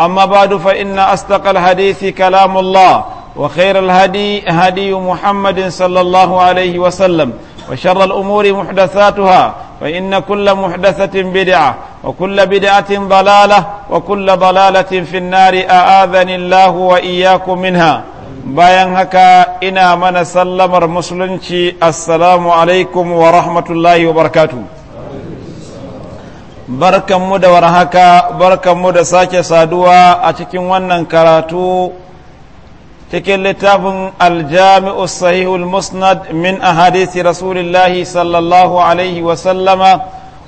أما بعد فإن أصدق الحديث كلام الله وخير الهدي هدي محمد صلى الله عليه وسلم وشر الأمور محدثاتها فإن كل محدثة بدعة وكل بدعة ضلالة وكل ضلالة في النار أآذني الله وإياكم منها bayan haka ina mana sallamar musulunci assalamu alaikum wa rahmatullahi wa barakatuh barkanmu da warhaka barkanmu da sake saduwa a cikin wannan karatu cikin littafin aljami'u sahihul musnad min ahadisi rasulillahi sallallahu alaihi wasallama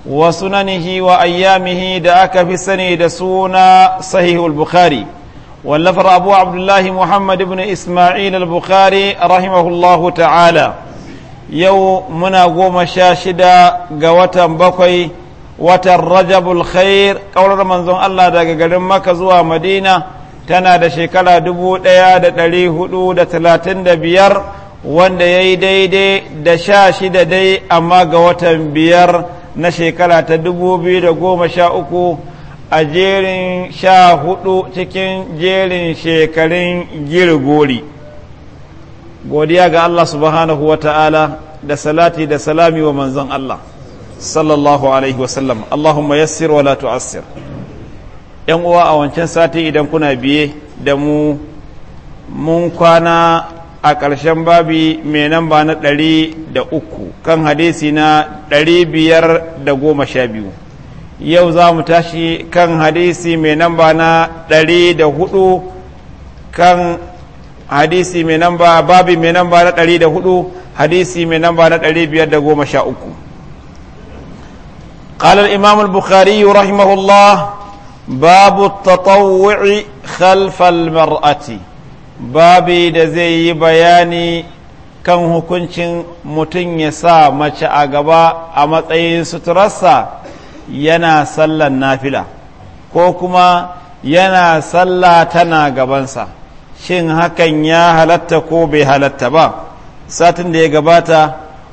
wa sunanihi wa ayyamihi da aka fi sani da suna sahihul bukhari wallafar abu abdullahi muhammad ibn isma'il al-bukhari rahimahullahu ta'ala yau muna goma sha shida ga watan bakwai watan rajabul khair ƙaurar manzon Allah daga garin maka zuwa madina tana da shekara dubu ɗaya da ɗari hudu da talatin da biyar wanda ya yi daidai da sha shida dai amma ga watan biyar na shekara ta dubu biyu da goma sha uku a jerin sha hudu cikin jerin shekarun girgori godiya ga Allah subhanahu wa ta'ala da salati da salami wa manzon Allah صلى الله عليه وسلم اللهم يسر ولا تعسر yan uwa a wancan sati idan kuna biye da mu mun kwana a ƙarshen babi mai nan ba na ɗari da uku kan hadisi na ɗari biyar da goma sha biyu yau za mu tashi kan hadisi mai nan ba na ɗari da hudu kan hadisi mai nan ba babi mai nan ba na ɗari da hudu hadisi mai nan ba na ɗari biyar da goma sha uku قال الإمام البخاري رحمه babu باب التطوع خلف المرأة babi da zai yi bayani kan hukuncin mutum ya sa mace a gaba a matsayin suturarsa yana sallan nafila ko kuma yana sallah tana gabansa shin hakan ya halarta ko bai halarta ba satin da ya gabata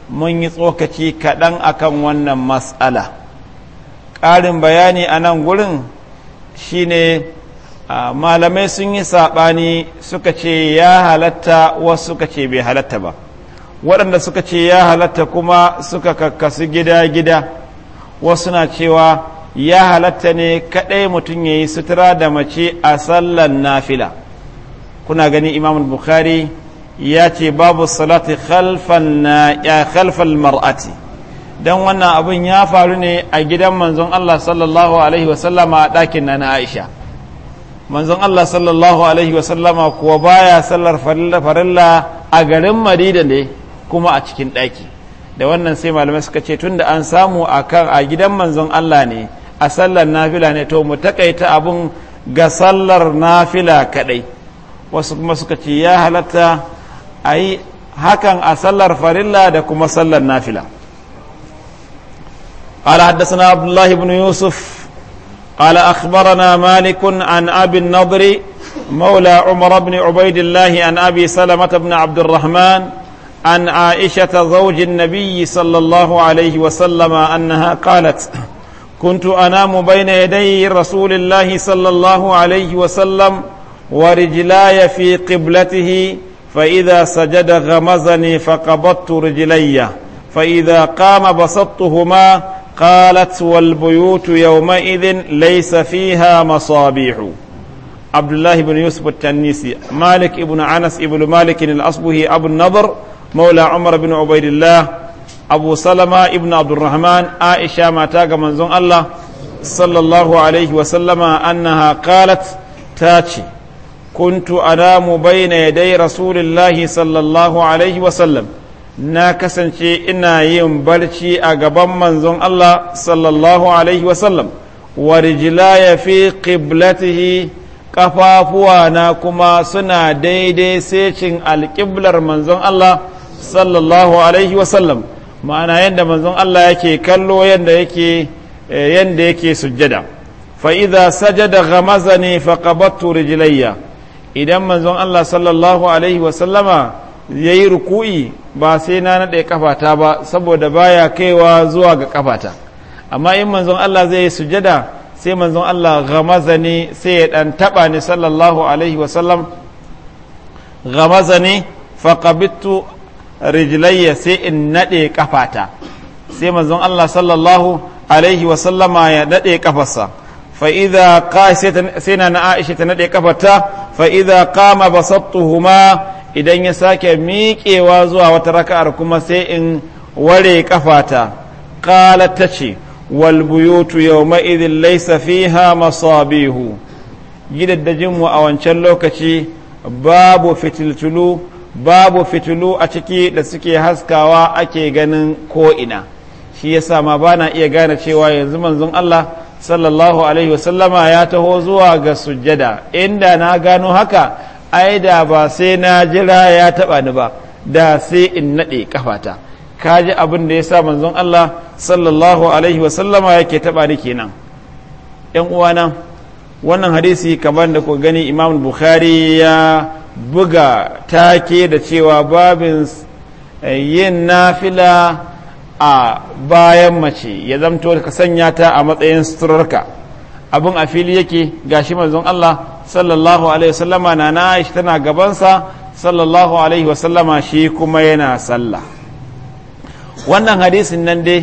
mun yi tsokaci kaɗan akan wannan mas'ala. ƙarin bayani a nan gurin shi ne malamai sun yi saɓani suka ce ya halatta wasu suka ce bai halatta ba waɗanda suka ce ya halatta kuma suka kakkasu gida-gida wasu na cewa ya halatta ne kaɗai mutum ya yi sutura da mace a sallan nafila kuna gani imam bukhari ya ce babu salati khalfan mar'ati don wannan abin ya faru ne a gidan manzon Allah sallallahu alaihi wasallama a ɗakin na na Aisha manzon Allah sallallahu alaihi wasallama kuwa baya sallar farilla a garin Madina ne kuma a cikin ɗaki da wannan sai malamai suka ce tun da an samu a kan a gidan manzon Allah ne a sallar nafila ne to mu takaita abun ga sallar nafila kaɗai, wasu kuma suka ce ya halatta a yi hakan a sallar farilla da kuma sallar nafila قال حدثنا عبد الله بن يوسف قال أخبرنا مالك عن أبي النضر مولى عمر بن عبيد الله عن أبي سلمة بن عبد الرحمن عن عائشة زوج النبي صلى الله عليه وسلم أنها قالت كنت أنام بين يدي رسول الله صلى الله عليه وسلم ورجلاي في قبلته فإذا سجد غمزني فقبضت رجلي فإذا قام بسطتهما قالت والبيوت يومئذ ليس فيها مصابيح عبد الله بن يوسف التنيسي مالك ابن أنس ابن مالك الأصبهي أبو النضر مولى عمر بن عبيد الله أبو سلمة ابن عبد الرحمن عائشة ما تاج منزون الله صلى الله عليه وسلم أنها قالت تاتي كنت أنام بين يدي رسول الله صلى الله عليه وسلم na kasance ina yin barci a gaban manzon Allah sallallahu alaihi wasallam wa ya fi qiblatihi kafafuwa na kuma suna daidai secin alƙiblar manzon Allah sallallahu alaihi wasallam ma'ana yadda manzon Allah yake kallo yadda yake eh, yadda yake sujjada fa idza sajada ghamazani fa faƙabattu rijlayya idan manzon Allah sallallahu alaihi wasallama yayi ruku'i ba sai na naɗe kafata ba saboda baya kaiwa zuwa ga kafata amma in manzon Allah zai yi sujada sai manzon Allah gamaza ne sai ya ɗan taɓa ni sallallahu alaihi wasallam gamaza ne faƙabittu rijilayya sai in naɗe kafata sai manzon Allah sallallahu alaihi wasallama ya naɗe kafarsa fa'iza sai na na aisha ta naɗe kafarta fa'iza kama basattuhuma idan ya sake miƙewa zuwa wata raka'ar kuma sai in ware kafata ƙala ta ce walbuyutu yau ma'izin laisa fiha masabihu gidaddajinmu a wancan lokaci babu fitiltulu babu fitilu a ciki da suke haskawa ake ganin ko'ina shi yasa ma ba iya gane cewa yanzu manzon Allah sallallahu alaihi wasallama ya taho zuwa ga sujjada inda na gano haka ai da ba sai na jira ya taba ni ba da sai in nade kafata kaji abin da yasa manzon Allah sallallahu alaihi wa sallama yake taba ni kenan yan uwana wannan hadisi kamar da ku gani Imam Bukhari ya buga take da cewa babin yin nafila a bayan mace ya zamto ka sanya ta a matsayin suturarka abin a fili yake gashi manzon Allah sallallahu alaihi wasallama na na shi tana gabansa sallallahu alaihi wasallama shi kuma yana sallah wannan hadisin nan dai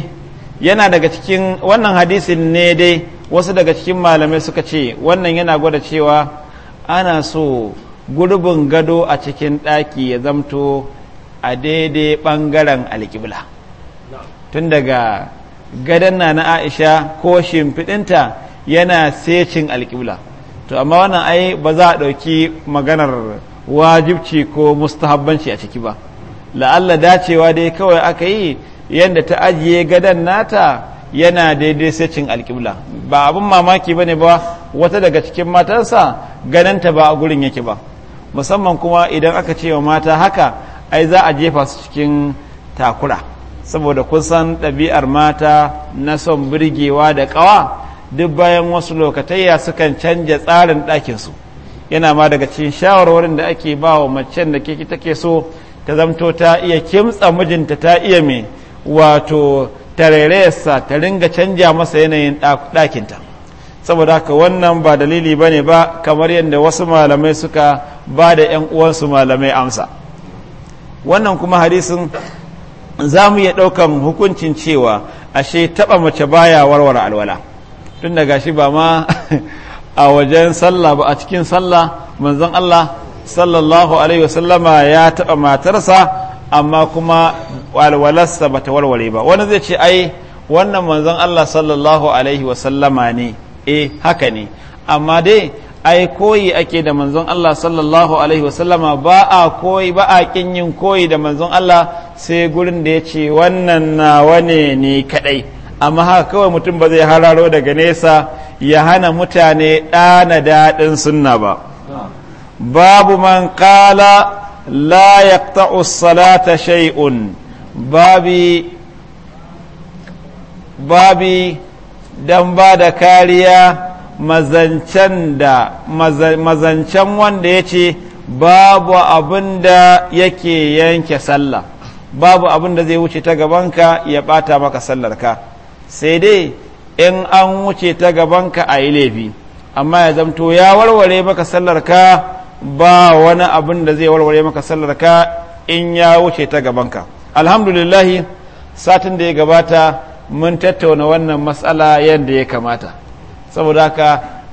yana daga cikin wannan hadisin ne dai wasu daga cikin malamai suka ce wannan yana gwada cewa ana so gurbin gado a cikin ɗaki ya zamto a daidai ɓangaren alƙibla tun daga gadon na na aisha ko shimfiɗinta yana secin alƙibla to amma wannan ai ba za a ɗauki maganar wajibci ko mustahabbanci a ciki ba la'alla dacewa dai kawai aka yi yadda ta ajiye gadon nata yana daidai secin alƙibla ba abin mamaki ba ne ba wata daga cikin matansa gananta ba a gurin yake ba musamman kuma idan aka ce wa mata haka ai za a jefa su cikin takura saboda kusan ɗabi'ar mata na son birgewa da ƙawa duk bayan wasu lokatayya sukan canja tsarin ɗakinsu yana ma daga cikin shawarwarin da ake ba wa macen da ke take so ta zamto ta iya kimtsa mijinta ta iya mai wato tarairayarsa ta ringa canja masa yanayin ɗakinta saboda haka wannan ba dalili ba ne ba kamar yadda wasu malamai suka ba da 'yan uwansu malamai amsa wannan kuma hadisin za mu iya ɗaukan hukuncin cewa ashe taɓa mace baya warware alwala tun da gashi ba ma a wajen sallah ba a cikin sallah manzon Allah sallallahu alaihi wasallama ya taɓa matarsa amma kuma walwalarsa ba ta warware ba wani zai ce ai wannan manzon Allah sallallahu alaihi wasallama ne eh haka ne amma dai ai koyi ake da manzon Allah sallallahu alaihi wasallama ba a koyi ba a kin yin koyi da manzon Allah sai gurin da ya ce wannan nawa ne ni kadai amma haka kawai mutum ba zai hararo daga nesa ya hana mutane ɗana daɗin sunna ba babu man ƙala la yaqta'u salata shay'un babi babi dan ba da kariya mazancen da mazancen wanda ya ce babu abin da yake yanke sallah babu abin da zai wuce ta gabanka ya ɓata maka sallar ka. sai dai in an wuce ta gabanka a yi laifi amma ya zamto ya warware maka sallarka ba wani abin da zai warware maka sallarka in ya wuce ta gabanka alhamdulillahi satin da ya gabata mun tattauna wannan matsala yadda ya kamata saboda haka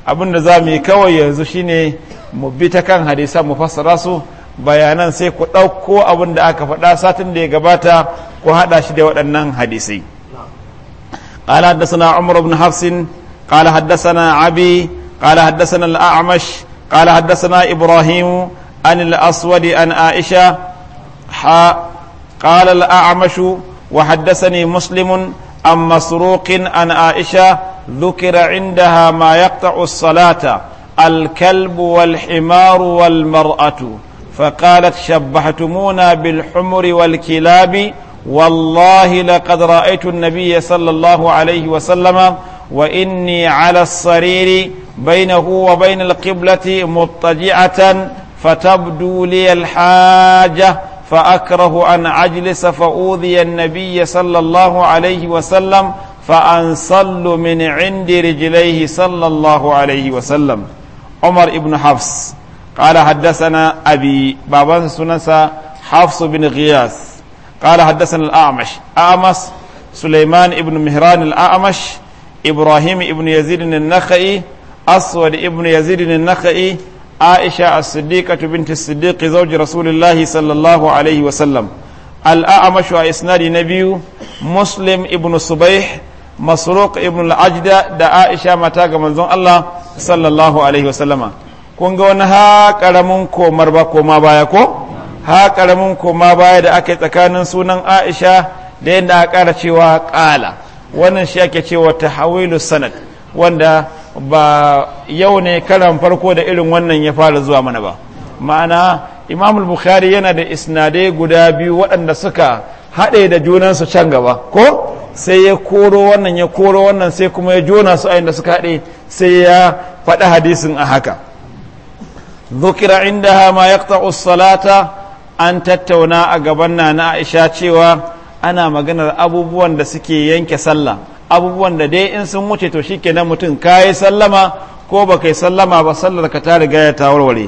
abin da za mu yi kawai yanzu shine mu bi ta kan hadisan mu fassara su bayanan sai ku ɗauko abin da aka faɗa satin da ya gabata ku haɗa shi da waɗannan hadisai قال حدثنا عمر بن حفص قال حدثنا أبي قال حدثنا الأعمش قال حدثنا إبراهيم عن الأسود عن عائشة قال الأعمش وحدثني مسلم عن مسروق عن عائشة ذكر عندها ما يقطع الصلاة الكلب والحمار والمرأة فقالت شبهتمونا بالحمر والكلاب والله لقد رأيت النبي صلى الله عليه وسلم وإني على السرير بينه وبين القبلة مضطجعة فتبدو لي الحاجة فأكره أن أجلس فأوذي النبي صلى الله عليه وسلم فأنصل من عند رجليه صلى الله عليه وسلم عمر بن حفص قال حدثنا أبي بابا سنسى حفص بن غياث قال حدثنا الأعمش أعمس سليمان ابن مهران الأعمش إبراهيم ابن يزيد النخعي أسود ابن يزيد النخعي عائشة الصديقة بنت الصديق زوج رسول الله صلى الله عليه وسلم الأعمش وإسناد نبي مسلم ابن صبيح مسروق ابن العجدة دا عائشة متاقى منزون الله صلى الله عليه وسلم كونغو نها كرمون كو مربا كو ما بايا كو ha karamin koma baya da aka yi tsakanin sunan aisha da yadda aka ƙara cewa ƙala wannan shi ake cewa tahawilu sanad wanda ba yau ne karan farko da irin wannan ya fara zuwa mana ba ma'ana imamul bukhari yana da isnadai guda biyu waɗanda suka haɗe da junansu can gaba ko sai ya koro wannan ya koro wannan sai kuma ya jona su a da suka haɗe sai ya faɗi hadisin a haka ذكر عندها ما يقطع الصلاه an tattauna a gaban na aisha cewa ana maganar abubuwan da suke yanke sallah abubuwan da dai in sun wuce to na mutum ka yi sallama ko ba kai sallama ba sallar ka ta riga ya ta warware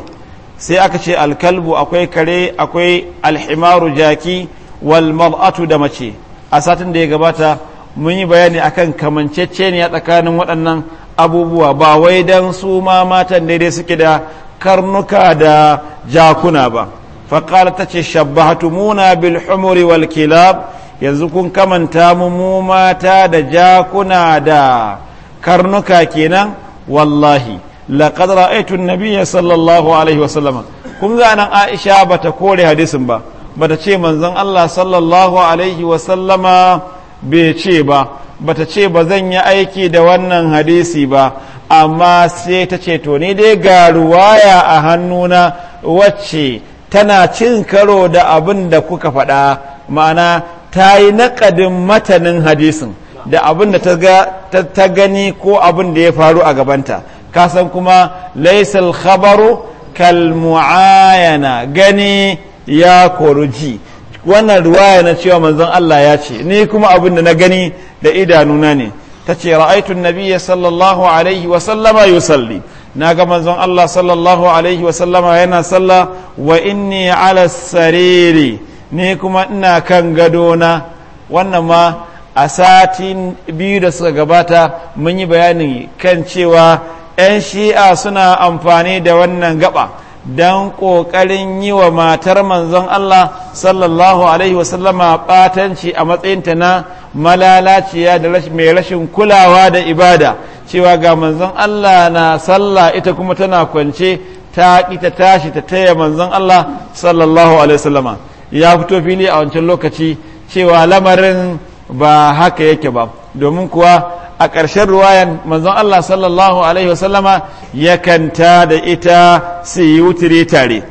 sai aka ce alkalbu akwai kare akwai alhimaru jaki wal mar'atu da mace a satin da ya gabata mun yi bayani akan a tsakanin waɗannan abubuwa ba wai dan su ma matan daidai suke da karnuka da jakuna ba faƙala ta ce shabbahatumuna bil humuri wal kilab yanzu kun kamanta mu mata da jakuna da karnuka kenan wallahi laqad ra'aytu an-nabiyya sallallahu alaihi wasallam kun ga nan Aisha bata kore hadisin ba bata ce manzon Allah sallallahu alaihi wasallama bai ce ba bata ce ba zan yi aiki da wannan hadisi ba amma sai ta ce to ni dai ga ruwaya a hannuna wacce tana cin karo da abin da kuka faɗa ma'ana ta yi naƙadin matanin hadisin da abin da ta gani ko abin da ya faru a gabanta kasan kuma laisal khabaru kal gani ya koruji wannan ruwaya na cewa manzon Allah ya ce ni kuma abin da na gani da idanuna ne ta ce ra'aitun nabiyya sallallahu alaihi wa sallama yusalli na ga manzon Allah sallallahu alaihi wasallama yana salla wa inni ala sariri ni kuma ina kan gadona wannan ma a satin biyu da suka gabata mun yi bayani kan cewa 'yan shi'a suna amfani da wannan gaba don ƙoƙarin yi wa matar manzon Allah sallallahu Alaihi wasallama ɓatanci a matsayinta na malalaciya mai rashin kulawa da ibada cewa ga manzon Allah na sallah ita kuma tana kwance ta ƙi ta tashi ta taya manzon Allah sallallahu alaihi wasallama ya fito fili a wancan lokaci cewa lamarin ba haka yake ba domin kuwa a ƙarshen ruwayan manzon Allah sallallahu alaihi wasallama yakan ta da ita su yi wutire tare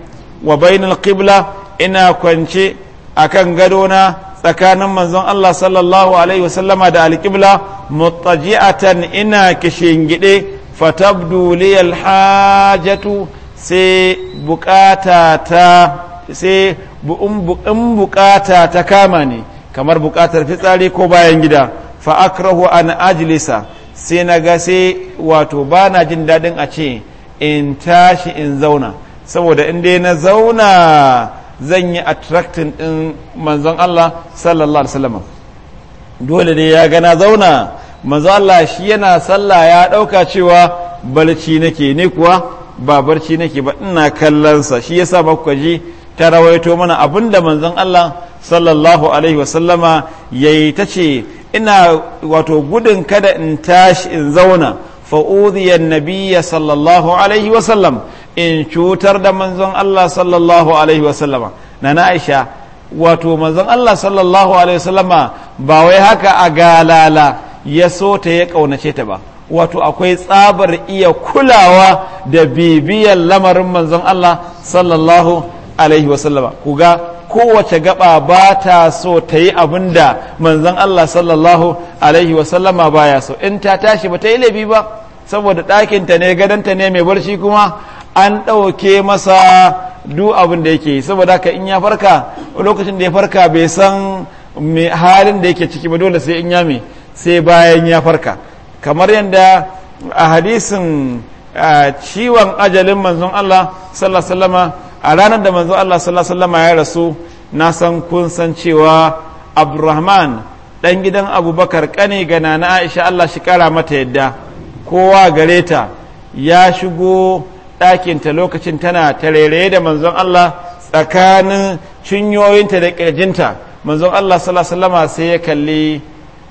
wa bainal qibla ina kwance a akan gadona tsakanin manzon Allah sallallahu alaihi wasallama da alƙibla mutaji'atan ina gide fatabdu liyal hajatu sai bukata ta sai in bukata ta kama ne kamar bukatar fitsari ko bayan gida fa akrahu an ajlisa sai na ga sai wato ba na jin daɗin a ce in tashi in zauna saboda in dai na zauna zan yi attractin din manzon Allah sallallahu alaihi wasallam dole ne ya gana zauna manzon Allah shi yana sallah ya ɗauka cewa barci nake ne kuwa ba barci nake ba ina kallonsa shi shi yasa muka ji ta rawaito mana abinda manzon Allah sallallahu alaihi wasallama yayi tace ina wato gudun kada in tashi in zauna fa'udiyar nabiya sallallahu alaihi wasallam in cutar da manzon Allah sallallahu alaihi wasallama na na Aisha wato manzon Allah sallallahu alaihi wasallama ba wai haka a galala ya so ta ya kaunace ta ba wato akwai tsabar iya kulawa da bibiyar lamarin manzon Allah sallallahu alaihi wasallama ku ga kowace gaba ba ta so ta yi abin da manzon Allah sallallahu alaihi wasallama ya so in ta tashi ba ta yi laifi ba saboda ɗakinta ne gadonta ne mai barci kuma an ɗauke masa duk abin da yake saboda haka in ya farka lokacin da ya farka bai san mai halin da yake ciki ba dole sai in ya mai sai bayan ya farka kamar yadda a hadisin ciwon ajalin manzon Allah sallallahu a ranar da manzon Allah sallallahu ya rasu na san kun san cewa Abdurrahman ɗan gidan Abubakar kane ga nana Aisha Allah shi kara mata yadda kowa gare ta ya shigo ɗakinta lokacin tana ta tarere da manzon Allah tsakanin cinyoyinta da ƙirjinta manzon Allah sallama sai ya kalli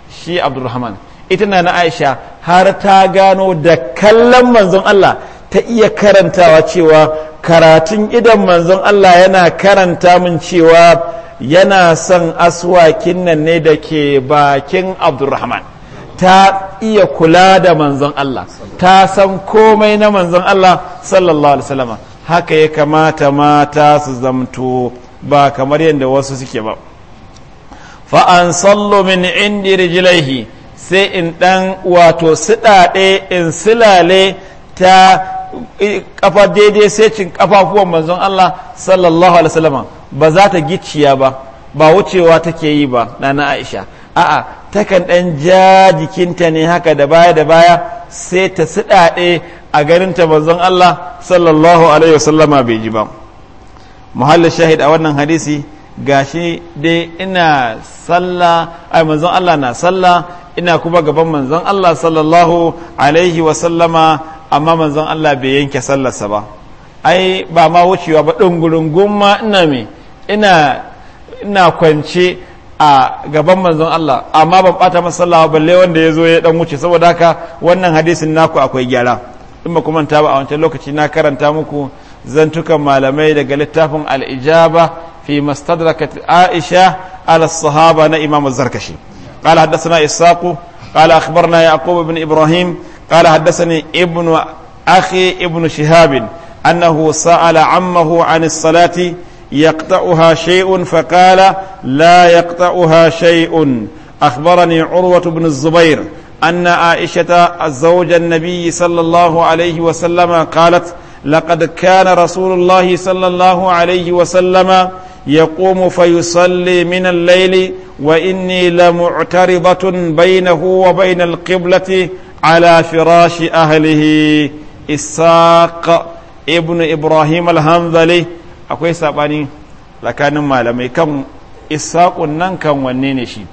shi Abdulrahman ita na na Aisha har ta gano da kallon manzon Allah ta iya karantawa cewa karatun idan manzon Allah yana karanta min cewa yana son aswakin nan ne da ke bakin Abdulrahman ta iya kula da manzon Allah ta san komai na manzon Allah sallallahu alaihi wasallam haka ya kamata mata su zamto ba kamar yadda wasu suke ba fa an sallu min indi rijlaihi sai in dan wato siɗaɗe in silale ta kafa daidai sai cin kafafuwan manzon Allah sallallahu alaihi wasallam ba za ta giciya ba ba wucewa take yi ba nana Aisha a'a takan ɗan ja jikinta ne haka da baya da baya sai ta siɗaɗe a ganinta manzon Allah sallallahu alaihi wasallama bai ji ba muhallin shahid a wannan hadisi gashi dai ina sallah ai manzon Allah na sallah ina kuma gaban manzon Allah sallallahu alaihi wasallama amma manzon Allah bai yanke sallarsa ba ai ba ma wucewa ba ɗungurungun ma ina me ina ina kwance a gaban manzon Allah amma ban bata masa sallah balle wanda ya zo ya dan wuce saboda haka wannan hadisin naku akwai gyara in ba kuma ba a wancan lokaci na karanta muku zantukan malamai daga littafin al-ijaba fi mastadrakat aisha ala sahaba na imam zarkashi قال حدثنا إساق قال أخبرنا يعقوب بن إبراهيم قال حدثني ابن أخي ابن شهاب أنه سأل عمه عن الصلاة يقطعها شيء فقال لا يقطعها شيء أخبرني عروة بن الزبير أن عائشة زوج النبي صلى الله عليه وسلم قالت لقد كان رسول الله صلى الله عليه وسلم يقوم فيصلي من الليل وإني لمعترضة بينه وبين القبلة على فراش أهله إساق ابن إبراهيم الهنذلي akwai saɓani tsakanin malamai kan isaƙun nan kan wanne ne shi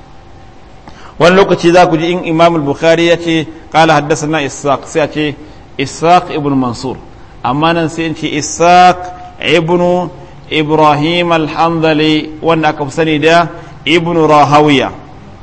wani lokaci za ku ji in imamul bukhari ya ce ƙala haddasa na isaq sai a ce isaq ibn mansur amma nan sai in ce isaq ibn ibrahim alhamdali wanda aka fi sani da ibn rahawiya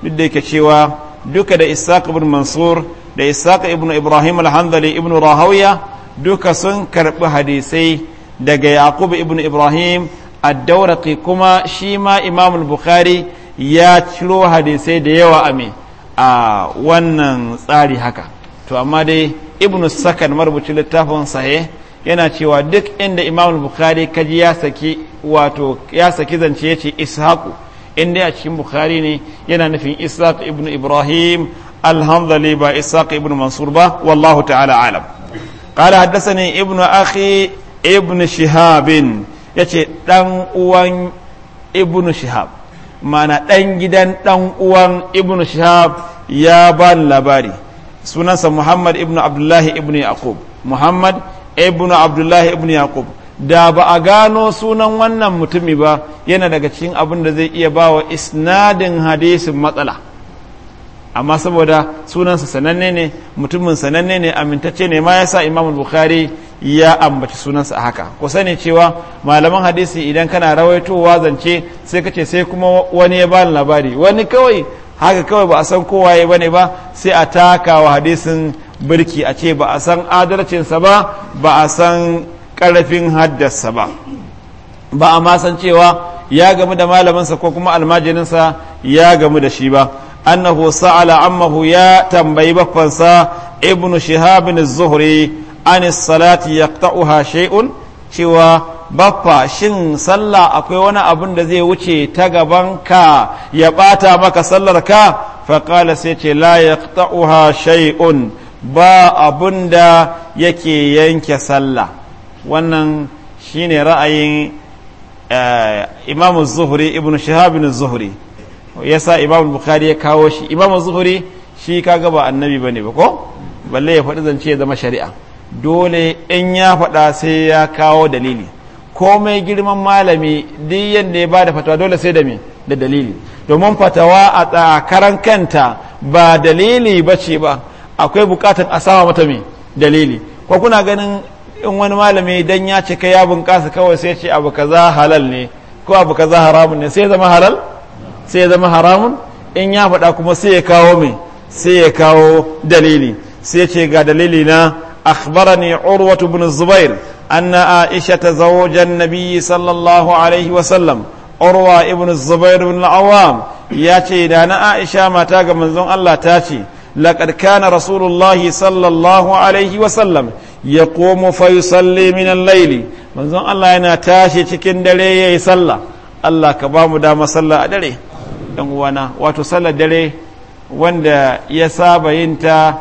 duk da yake cewa duka da isaq ibn mansur da isaq ibn ibrahim alhamdali ibn rahawiya duka sun karɓi hadisai daga yaqub ibn ibrahim ad-dawraqi kuma shi ma imam bukhari ya ciro hadisai da yawa a a wannan tsari haka to amma dai ibn sakan marubuci littafin sahih yana cewa duk inda imam bukhari kaji ya saki wato ya saki zance yace ishaqu inda a cikin bukhari ne yana nufin ishaq ibn ibrahim alhamdulillah ba ishaq ibn mansur ba wallahu ta'ala alam قال حدثني ابن أخي ibn shihabin ya ce ɗan uwan ibn shihab mana ɗan gidan ɗan uwan ibn shihab ya ba labari sunansa muhammad ibn abdullahi ibn yaqub muhammad ibn abdullahi ibn yaqub da ba a gano sunan wannan mutumi ba yana daga cikin abin da zai iya ba wa isnadin hadisin matsala amma saboda sunansa sananne ne mutumin sananne ne amintacce ne ma yasa imam bukhari ya ambaci sunansa a haka ku sani cewa malaman hadisi idan kana rawaitowa zance sai ka ce sai kuma wani ya bani labari wani kawai haka kawai ba a san kowa ya bane ba sai a takawa hadisin birki a ce ba a san adalcinsa ba ba a san karfin haddasa ba ba a ma san cewa ya gamu da malaminsa ko kuma almajirinsa ya gamu da shi ba annahu sa'ala ammahu ya tambayi baffansa ibnu shihab zuhri an salati yaqta'uha shay'un cewa baffa shin sallah akwai wani abin da zai wuce ta gaban ka ya bata maka sallar ka fa qala sai ce la yaqta'uha shay'un ba abin da yake yanke sallah wannan shine ra'ayin eh, imamu zuhri ibnu shihab ibn zuhri yasa imamu bukhari ya kawo shi imamu zuhri shi kaga ba annabi bane ba ko balle ya faɗi zance ya zama shari'a dole in ya faɗa sai ya kawo dalili komai girman malami duk yadda ya ba da fatawa dole sai da me da dalili domin fatawa a tsakaran kanta ba dalili ba ce ba akwai bukatan a sama mata me dalili ko kuna ganin in wani malami dan ya cika ya bunƙasa kawai sai ce abu kaza halal ne ko abu kaza haramun ne sai zama halal sai zama haramun in ya faɗa kuma sai ya kawo me sai ya kawo dalili sai ce ga dalili na أخبرني عروة بن الزبير أن عائشة زوج النبي صلى الله عليه وسلم عروة ابن الزبير بن العوام ياتي دانا عائشة ما تاج من زون الله تاتي لقد كان رسول الله صلى الله عليه وسلم يقوم فيصلي من الليل من زون الله أنا تاشي تكن دلي يصلى الله كبام دام صلى دلي وانا وتصلى دلي wanda ya saba yin ta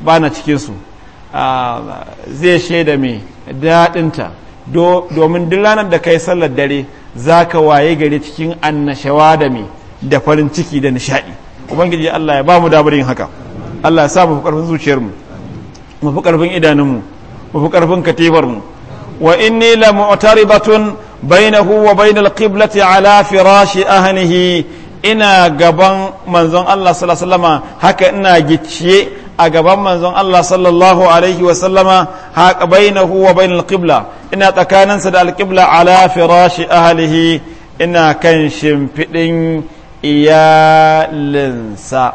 bana cikinsu Ah, zai shaida mai daɗinta domin duk ranar da kai sallar dare za ka waye gari cikin annashawa da mai da farin ciki da nishaɗi ubangiji allah ya ba mu damar yin haka allah ya sa mu fi ƙarfin zuciyarmu mu fi ƙarfin idanunmu mu fi ƙarfin katifarmu wa inni la mu'taribatun bainahu wa bainal qiblati ala firashi ahlihi ina gaban manzon Allah sallallahu alaihi wasallama haka ina gicciye a gaban manzon Allah sallallahu alaihi wa sallama haqa bainahu wa bainal qibla ina tsakaninsa da alqibla ala firashi ahlihi ina kan shimfidin iyalinsa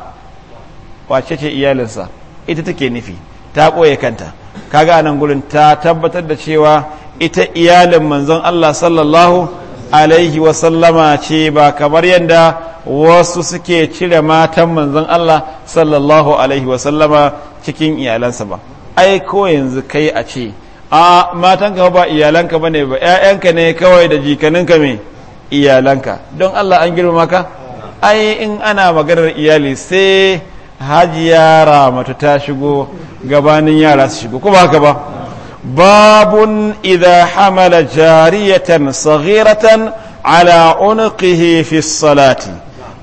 wace ce iyalinsa ita take nufi ta ɓoye kanta kaga anan gurin ta tabbatar da cewa ita iyalin manzon Allah sallallahu alaihi wasallama ce ba kamar yadda wasu suke cire matan manzon Allah sallallahu alaihi wasallama cikin iyalansa ba ai ko yanzu kai a ce a matanka ba iyalanka bane ba ƴaƴanka ne kawai da jikaninka me iyalanka don Allah an girmama ka ai in ana maganar iyali sai hajiya ramatu ta shigo gabanin yara su shigo ko ba haka ba باب إذا حمل جارية صغيرة على عنقه في الصلاة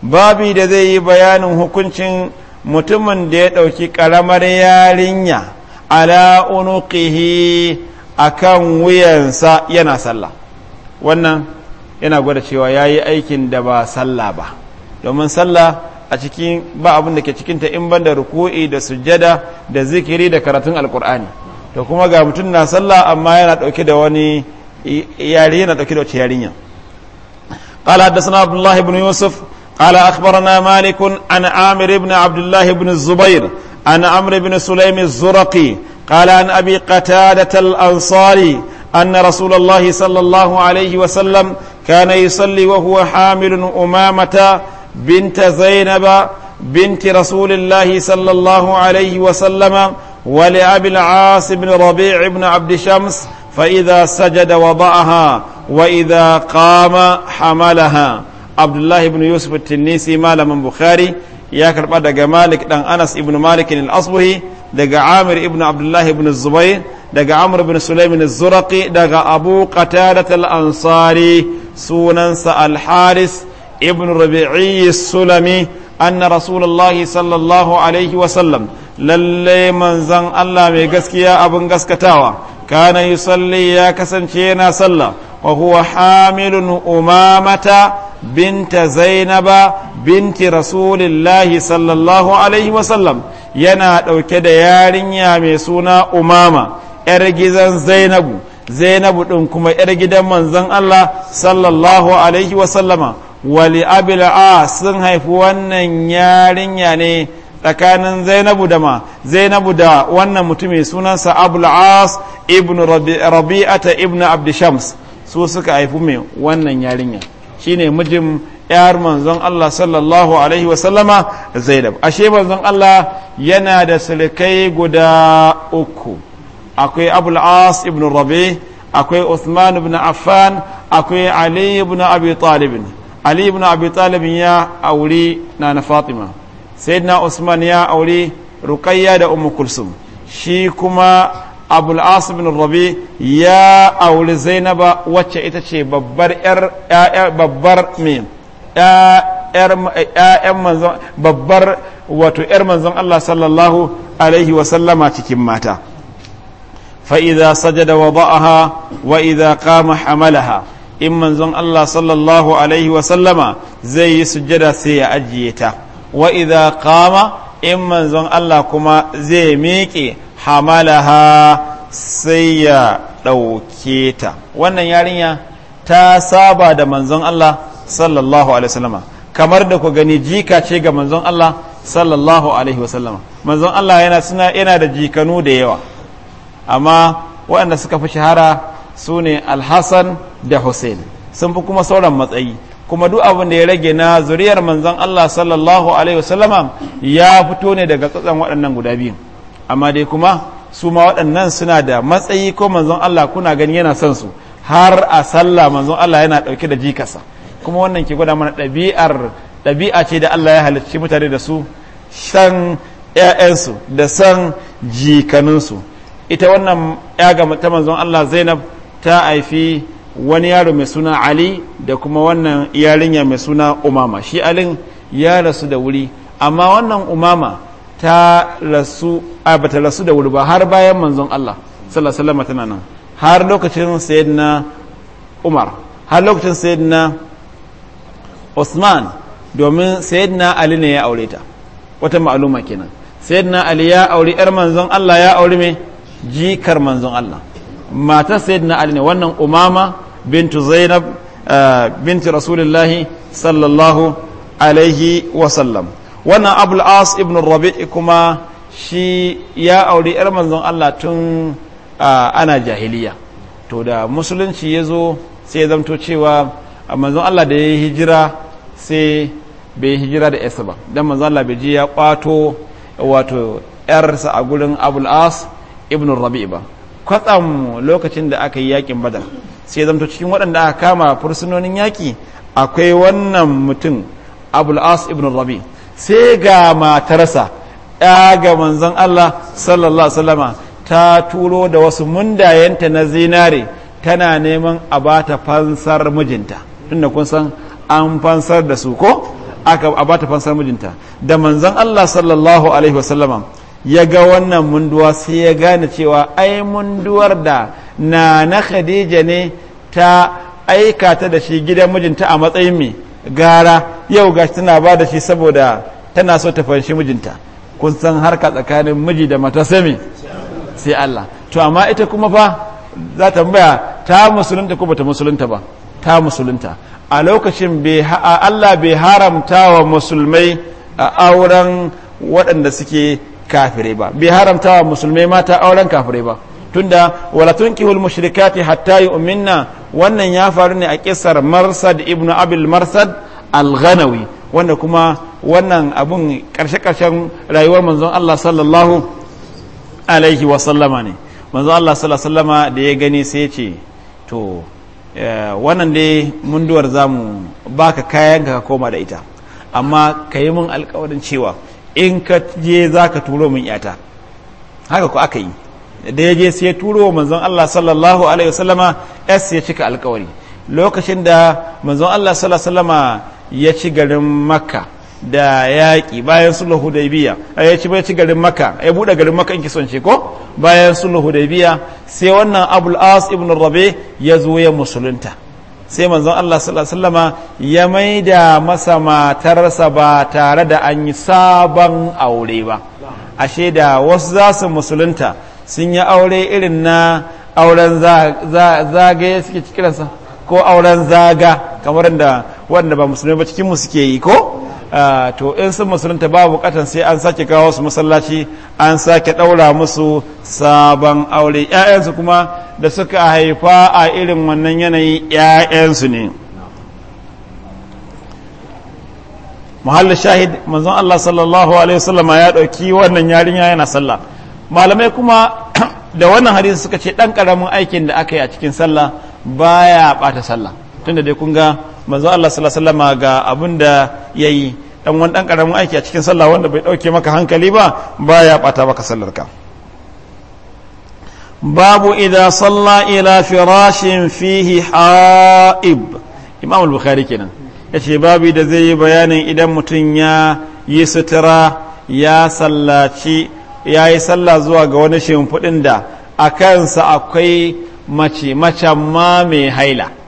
babi da zai yi bayanin hukuncin mutumin da ya ɗauki ƙaramar yarinya ala unuqihi a kan wuyansa yana sallah wannan yana gwada cewa ya yi aikin da ba sallah ba domin sallah a cikin ba abin da ke cikinta in ban da ruku'i da sujjada da zikiri da karatun alkur'ani to kuma ga mutum na sallah amma yana dauke da wani yare yana dauke da wace yarinya قال حدثنا عبد الله بن يوسف قال أخبرنا مالك عن عامر بن عبد الله بن الزبير عن عمرو بن سليم الزرقي قال عن أبي قتادة الأنصاري أن رسول الله صلى الله عليه وسلم كان يصلي وهو حامل أمامة بنت زينب بنت رسول الله صلى الله عليه وسلم ولأبي العاص بن ربيع بن عبد شمس فإذا سجد وضعها وإذا قام حملها عبد الله بن يوسف التنيسي مال من بخاري يا كربا دغ مالك دان أنس ابن مالك الأصبهي دغ عامر ابن عبد الله بن الزبير دغ عمرو بن سليم الزرقي دغ أبو قتادة الأنصاري سننس الحارس ابن ربيعي السلمي anna rasulullahi sallallahu alaihi wasallam lalle manzan Allah mai gaskiya abin gaskatawa kana yusalli ya kasance yana sallah wa huwa hamilun umamata binta zainaba binti rasulillahi sallallahu alaihi wasallam yana ɗauke da yarinya mai suna umama 'yar gizan zainabu zainabu ɗin kuma 'yar gidan manzon Allah sallallahu alaihi wasallama wali abil a sun haifi wannan yarinya ne tsakanin zainabu da ma zainabu da wannan mutumi sunansa abul as ibn rabi'ata ibn abdishams su suka haifi mai wannan yarinya shine mijin yar manzon Allah sallallahu alaihi wasallama zainab ashe manzon Allah yana da sirkai guda uku akwai abul as ibn rabi akwai uthman ibn affan akwai ali ibn abi talibin ali ibn abi talib ya auri na na fatima sayyidina usman ya auri ruqayya da ummu kulsum shi kuma abul as rabi ya auri zainaba wacce ita ce babbar yar babbar me manzon babbar wato yar manzon Allah sallallahu alaihi wa sallama cikin mata fa idza sajada wada'aha wa idza qama hamalaha in manzon Allah sallallahu alaihi wasallama zai yi sujjada sai ya ajiye ta wa idza qama in manzon Allah kuma zai miƙe hamalaha sai ya ɗauke ta wannan yarinya ta saba da manzon Allah sallallahu alaihi wasallama kamar da ku gani jika ce ga manzon Allah sallallahu alaihi wasallama manzon Allah yana suna yana da jikanu da yawa amma waɗanda suka fi shahara su ne alhassan da hussein sun fi kuma sauran matsayi kuma duk abin da ya rage na zuriyar manzan allah sallallahu alaihi wasallama ya fito ne daga tsatsan waɗannan guda biyu amma dai kuma su ma waɗannan suna da matsayi ko manzon allah kuna gani yana son su har a sallah manzon allah yana ɗauke da jikasa kuma wannan ke gwada mana ɗabi'ar ɗabi'a ce da allah ya halarci mutane da su san 'ya'yansu da san jikaninsu ita wannan ya ga ta manzon allah zainab ta haifi wani yaro mai suna ali da kuma wannan yarinya mai suna umama shi alin ya rasu da wuri amma wannan umama ta rasu a bata rasu da wuri ba har bayan manzon Allah sallallahu tana nan har lokacin sayyidina Umar har lokacin sayyidina Usman domin sayyidina Ali ne ya aure ta wata ma'aluma kenan sayyidina Ali ya aure yar manzon Allah ya aure me jikar manzon Allah matar sayyidina ali ne wannan umama bintu zainab eh, binti rasulullahi sallallahu alaihi wasallam wannan abul as ibn Rabi'i kuma shi ya auri yar manzon Allah tun eh, ana jahiliya to da musulunci ya zo sai ya zamto cewa eh, manzon Allah da ya yi hijira sai bai hijira da yasa ba don manzon Allah bai ji ya kwato wato yarsa a gurin abul as ibn Rabi'i ba kwatsam lokacin da aka yi yakin badar sai zamto cikin waɗanda aka kama fursunonin yaƙi akwai wannan mutum abu as ibn rabi sai ga matarsa ya ga manzon Allah sallallahu alaihi ta turo da wasu mundayenta na zinare tana neman a bata fansar mijinta tunda kun san an fansar da su ko aka a bata fansar mijinta da manzon Allah sallallahu alaihi wasallama ya ga wannan munduwa sai ya gane cewa ai munduwar da na na khadija ne ta aika ta da shi gidan mijinta a matsayin mai gara yau gashi tana ba da shi saboda tana so ta fanshi mijinta kun san harka tsakanin miji da mata sami sai Allah to amma ita kuma fa za ta baya ta musulunta ko bata musulunta ba ta musulunta a lokacin Allah bai haramta wa musulmai a auren waɗanda suke kafirai ba bai haramta wa musulmai mata auren kafirai ba tunda wala tunkihul mushrikati hatta yu'minna wannan ya faru ne a kisar marsad ibnu abil marsad al-ghanawi wanda kuma wannan abun karshe-karshen rayuwar manzon Allah sallallahu alaihi wa sallama ne manzon Allah sallallahu alaihi sallama da ya gani sai ce to eh, wannan dai munduwar zamu baka kayan ka koma da ita amma ka yi mun alƙawarin cewa in ka je za ka turo min yata haka ku aka yi da ya je sai ya turo wa manzon Allah sallallahu alaihi wasallama s ya cika alkawari lokacin da manzon Allah sallallahu alaihi wasallama ya ci garin makka da yaƙi bayan sulhu hudaybiya eh, ya ci bai ci garin makka ya buɗe garin makka in son ce ko bayan sulhu hudaybiya sai wannan abul as ibn rabi ya zo ya musulunta sai manzon Allah wasallama ya maida masa matarsa ba tare da an yi sabon aure ba ashe da wasu za musulunta sun yi aure irin na auren zagaye suke cikinsa ko auren zaga kamar da wanda ba musulmi ba cikinmu suke yi ko Ah, to in sun musulunta ba bukatan sai an sake kawo su masallaci an sake ɗaura musu sabon aure ‘ya'yansu kuma da suka haifa a irin wannan yanayi ‘ya'yansu ne muhallin shahid manzon Allah sallallahu alaihi wasallama ya ɗauki wannan yarinya yana sallah malamai kuma da wannan hadisi suka ce ɗan ƙaramin aikin da aka yi a cikin sallah baya ɓata sallah tunda dai kun ga manzo Allah sallallahu alaihi wasallama ga abin da yayi dan wani dan karamin aiki a cikin sallah wanda bai dauke maka hankali ba baya bata maka sallar ka. babu idza salla ila firashin fihi haib imam al-bukhari kenan yace babu da zai yi bayanin idan mutum ya yi sutura ya sallaci ya yi sallah zuwa ga wani shimfiɗin da a kansa akwai mace macen ma mai haila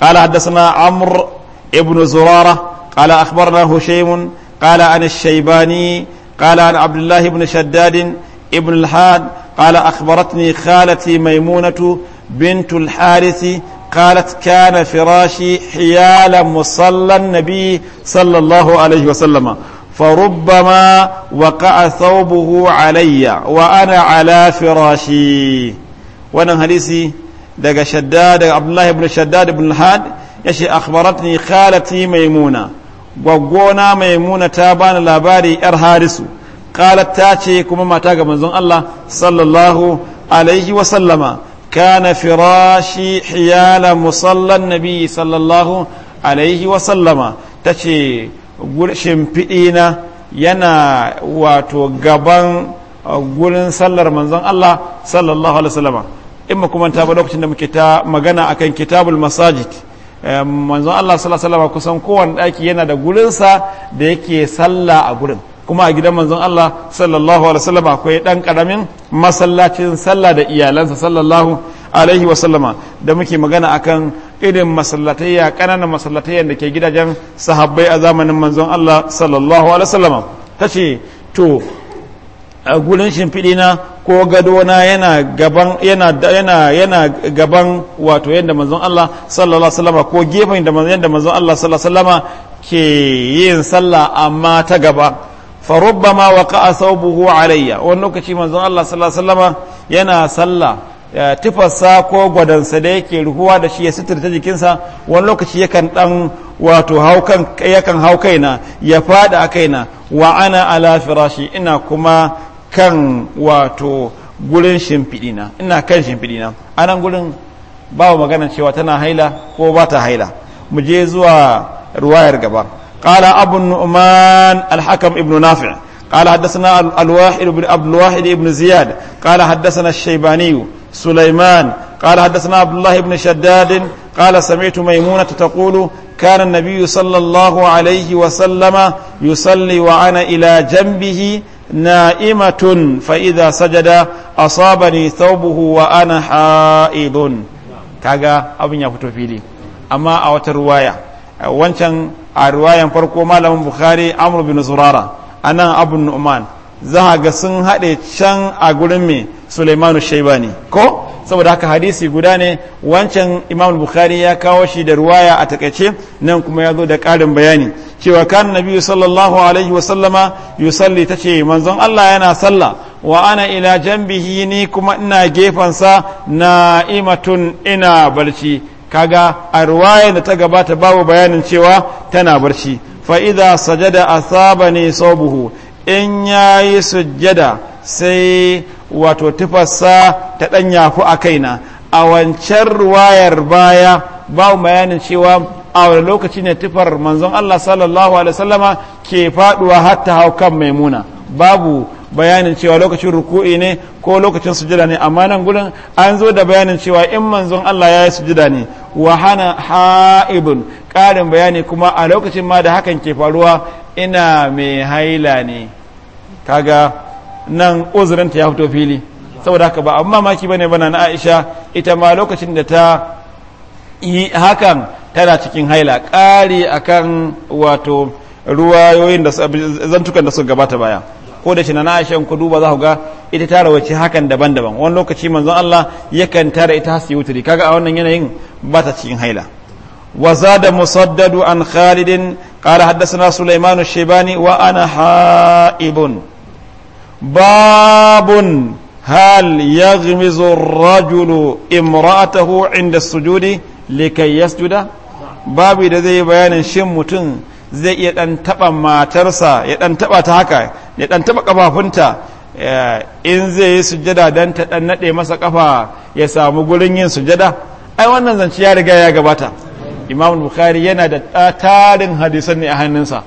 قال حدثنا عمرو ابن زرارة قال أخبرنا هشيم قال عن الشيباني قال عن عبد الله بن شداد ابن الحاد قال أخبرتني خالتي ميمونة بنت الحارث قالت كان فراشي حيال مصلى النبي صلى الله عليه وسلم فربما وقع ثوبه علي وأنا على فراشي وانا hadisi daga shaddad abdullahi ibn shaddad ibn had ya ce akhbaratni khalati maimuna gwaggona maimuna ta bani labari yar harisu qalat ta ce kuma mata ga manzon Allah sallallahu alaihi wa sallama kana firashi hiyala musallan nabi sallallahu alaihi wa sallama ta ce shimfiɗina yana wato gaban uh, gurin sallar manzon Allah sallallahu alaihi wa sallama in kuma ta ba lokacin da muke ta magana akan kitabul masajid eh, manzon Allah sallallahu alaihi wasallam kusan kowanne daki yana da gurinsa da yake sallah a gurin kuma a gidan manzon Allah sallallahu alaihi wasallam akwai dan karamin masallacin sallah da iyalansa sallallahu alaihi wasallam da muke magana akan irin ya kananan masallatai da ke gidajen sahabbai a zamanin manzon Allah sallallahu alaihi wasallam tace to a shimfiɗi na ko gadona yana gaban yana yana yana gaban wato yadda manzon Allah sallallahu alaihi wasallam ko gefen da manzon yadda manzon Allah sallallahu alaihi wasallam ke yin sallah amma ta gaba fa rubbama waqa'a sawbuhu alayya wani lokaci manzon Allah sallallahu alaihi wasallam yana sallah tufasa ko gwadansa da yake ruhuwa da shi ya suturta jikinsa wani lokaci yakan dan wato yakan hau kaina ya fada a kaina wa ana ala firashi ina kuma kan wato gurin shimfiɗina ina kan shimfiɗina a nan gurin babu magana cewa tana haila ko ba ta haila mu je zuwa ruwayar gaba qala abu nu'man alhakam ibn nafi' qala haddathana al ibn abd ibn ziyad qala haddathana ash-shaybani سليمان قال حدثنا عبد الله بن شداد قال سمعت ميمونة تقول كان النبي صلى الله عليه وسلم يصلي وأنا إلى جنبه na'imatun fa idza sajada asabani thawbuhu wa ana ha'idun kaga abin ya fito fili amma a wata ruwaya wancan a ruwayan farko malamin bukhari amr bin zurara anan abu nu'man za ga sun haɗe can a gurin mai sulaimanu shaibani ko saboda haka hadisi guda ne wancan imam bukhari ya kawo shi da ruwaya a takaice nan kuma ya zo da ƙarin bayani cewa kan nabi sallallahu alaihi wa sallama yusalli ta manzon allah yana sallah wa ana ila jambihi ni kuma ina gefensa na'imatun ina barci kaga a ruwaya da ta gabata babu bayanin cewa tana barci fa idza sajada asabani sawbuhu in yayi sujjada sai wato tufasa ta ɗan yafu a kaina a wancan ruwayar baya babu bayanin cewa a wani lokaci ne tufar manzon Allah sallallahu alaihi wasallama ke faduwa hatta hau kan maimuna babu bayanin cewa lokacin ruku'i ne ko lokacin sujada ne amma nan gurin an zo da bayanin cewa in manzon Allah ya yi sujada ne wa hana ha'ibun ƙarin bayani kuma a lokacin ma da hakan ke faruwa ina mai haila ne kaga nan uzurinta ya fito fili saboda haka ba amma mamaki bane bana na Aisha ita ma lokacin da ta yi hakan tana cikin haila kare akan wato ruwayoyin da zantukan da suka gabata baya ko da shi na Aisha ku duba za ku ga ita ta rawaci hakan daban-daban wani lokaci manzon Allah yakan tara ita hasi wuturi kaga a wannan yanayin ba ta cikin haila وزاد مسدد عن خالد قال حدثنا سليمان الشيباني وأنا حائب باب هل يغمز الرجل امرأته عند السجود لكي يسجد باب da zai bayanin shin mutum zai iya dan taba matarsa ya dan taba ta haka ya dan taba kafafunta eh, in zai yi sujada dan ta dan masa ƙafa ya samu gurin yin sujada ai wannan zance ya riga ya gabata imam bukhari yana da tarin hadisan ne a hannunsa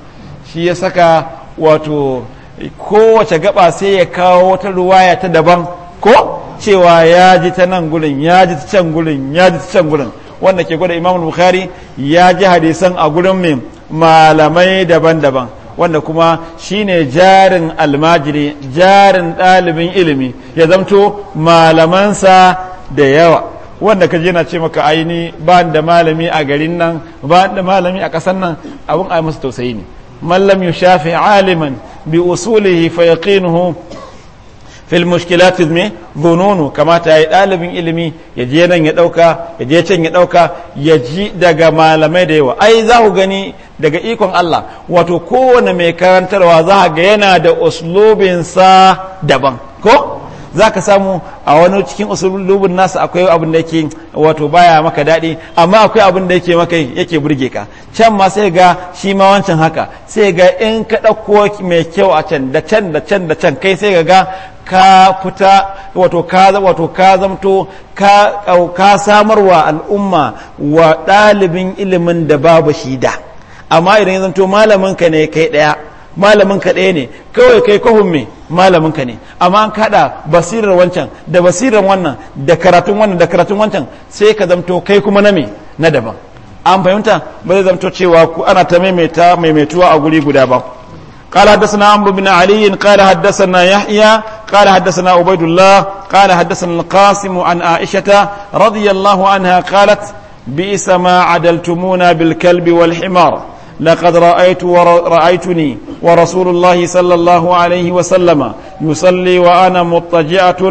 shi ya saka wato kowace gaba sai ya kawo wata ruwaya ta daban ko cewa ya ji ta nan gurin ya ji ta can gurin ya ji ta can gurin wanda ke gwada imam bukhari ya ji hadisan a gurin mai malamai daban-daban wanda kuma shine jarin almajiri jarin ɗalibin ilimi ya zamto malamansa da yawa wanda ka je na ce maka aini ba da malami a garin nan ba da malami a ƙasar nan abin a masa tausayi ne mallam yushafi aliman بأصوله فيقينه في المشكلات me ظنونه kamata تاي ɗalibin ilimi ya je nan ya ɗauka ya je can ya ɗauka ya ji daga malamai da yawa ai za ku gani daga ikon Allah wato kowane mai karantarwa za a ga yana da uslubinsa daban ko za ka samu a wani cikin usulubin nasa akwai abin da yake wato baya maka daɗi amma akwai abin da yake maka yake burge ka can ma sai ga shi ma wancan haka sai ga in ka ɗauko mai kyau a can da can da can da can kai sai ga ka fita wato ka wato ka zamto ka ka samarwa al'umma wa ɗalibin ilimin da babu shi da amma idan ya zanto malamin ka ne kai ɗaya malamin ka ɗaya ne kawai kai kohun me malamin ka ne amma an kaɗa basirar wancan da basirar wannan da karatun wannan da karatun wancan sai ka zamto kai kuma na me na daban an fahimta ba zai zamto cewa ku ana ta maimaita maimaituwa a guri guda ba قال حدثنا عمرو بن علي قال حدثنا يحيى قال حدثنا عبيد الله قال حدثنا القاسم عن عائشة رضي الله عنها قالت بئس ما عدلتمونا بالكلب والحمار لقد رأيت ورأيتني ورسول الله صلى الله عليه وسلم يصلي وأنا مضطجعة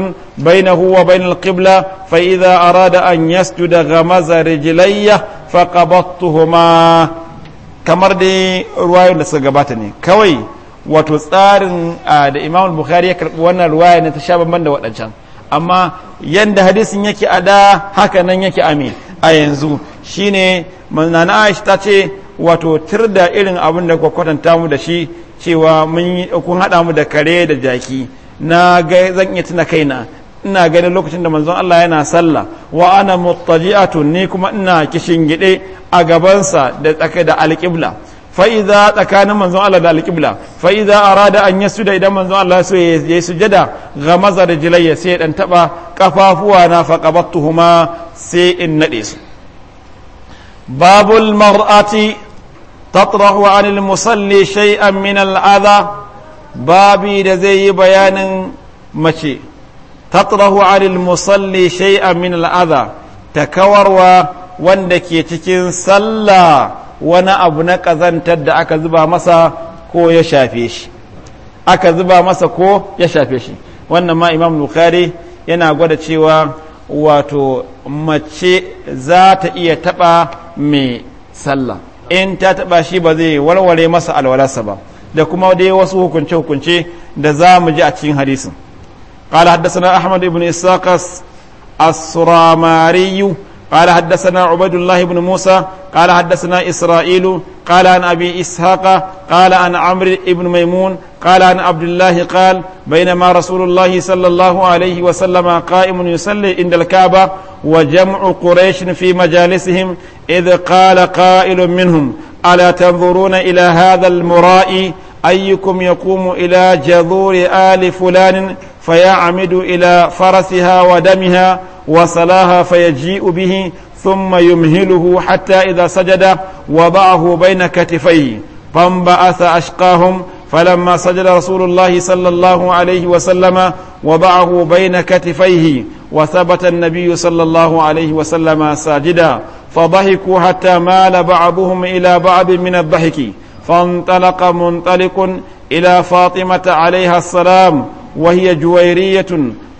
بينه وبين القبلة فإذا أراد أن يسجد غمز رجلي فقبضتهما kamar dai ruwayoyin da suka gabata ne kawai wato tsarin ada imam bukhari ya karɓi wannan ruwaya ne ta sha bamban da waɗancan amma yadda hadisin yake a da haka yake a a yanzu shine manana aisha ta ce wato tirda irin abin da kwatanta mu da shi cewa mun kun haɗa mu da kare da jaki na ga zan iya tuna kaina ina ganin lokacin da manzon Allah yana sallah wa ana muttaji'atu ni kuma ina kishin gide a gabansa da tsaka da alƙibla fa idza tsakanin manzon Allah da alƙibla fa idza arada an yasuda idan manzon Allah so ya sujada ghamaza ya sai dan taba kafafuwa na fa qabattuhuma sai in nade su babul mar'ati تطرح عن المصلي شيئا من الاذى بابي دزي بيان مشي تطرح عن المصلي شيئا من الاذى تكور وندكي تكين صلى وانا ابنك زن تد أكذبا مسا كو يشافيش أكذبا مسا كو يشافيش وانا ما إمام البخاري yana gwada cewa wato mace za ta iya taɓa mai sallah in ta taɓa shi ba zai walwale masa alwalarsa ba da kuma dai wasu hukunce hukunce da za mu ji a cikin hadisin قال حدثنا أحمد بن إساق السراماري قال حدثنا عبد الله بن موسى قال حدثنا إسرائيل قال عن أبي إسحاق قال عن عمرو بن ميمون قال عن عبد الله قال بينما رسول الله صلى الله عليه وسلم قائم يصلي عند الكعبة وجمع قريش في مجالسهم إذ قال قائل منهم ألا تنظرون إلى هذا المرائي أيكم يقوم إلى جذور آل فلان فيعمد إلى فرسها ودمها وصلاها فيجيء به ثم يمهله حتى إذا سجد وضعه بين كتفيه فانبعث أشقاهم فلما سجد رسول الله صلى الله عليه وسلم وضعه بين كتفيه وثبت النبي صلى الله عليه وسلم ساجدا فضحكوا حتى مال بعضهم إلى بعض من الضحك فانطلق منطلق إلى فاطمة عليها السلام وهي جويرية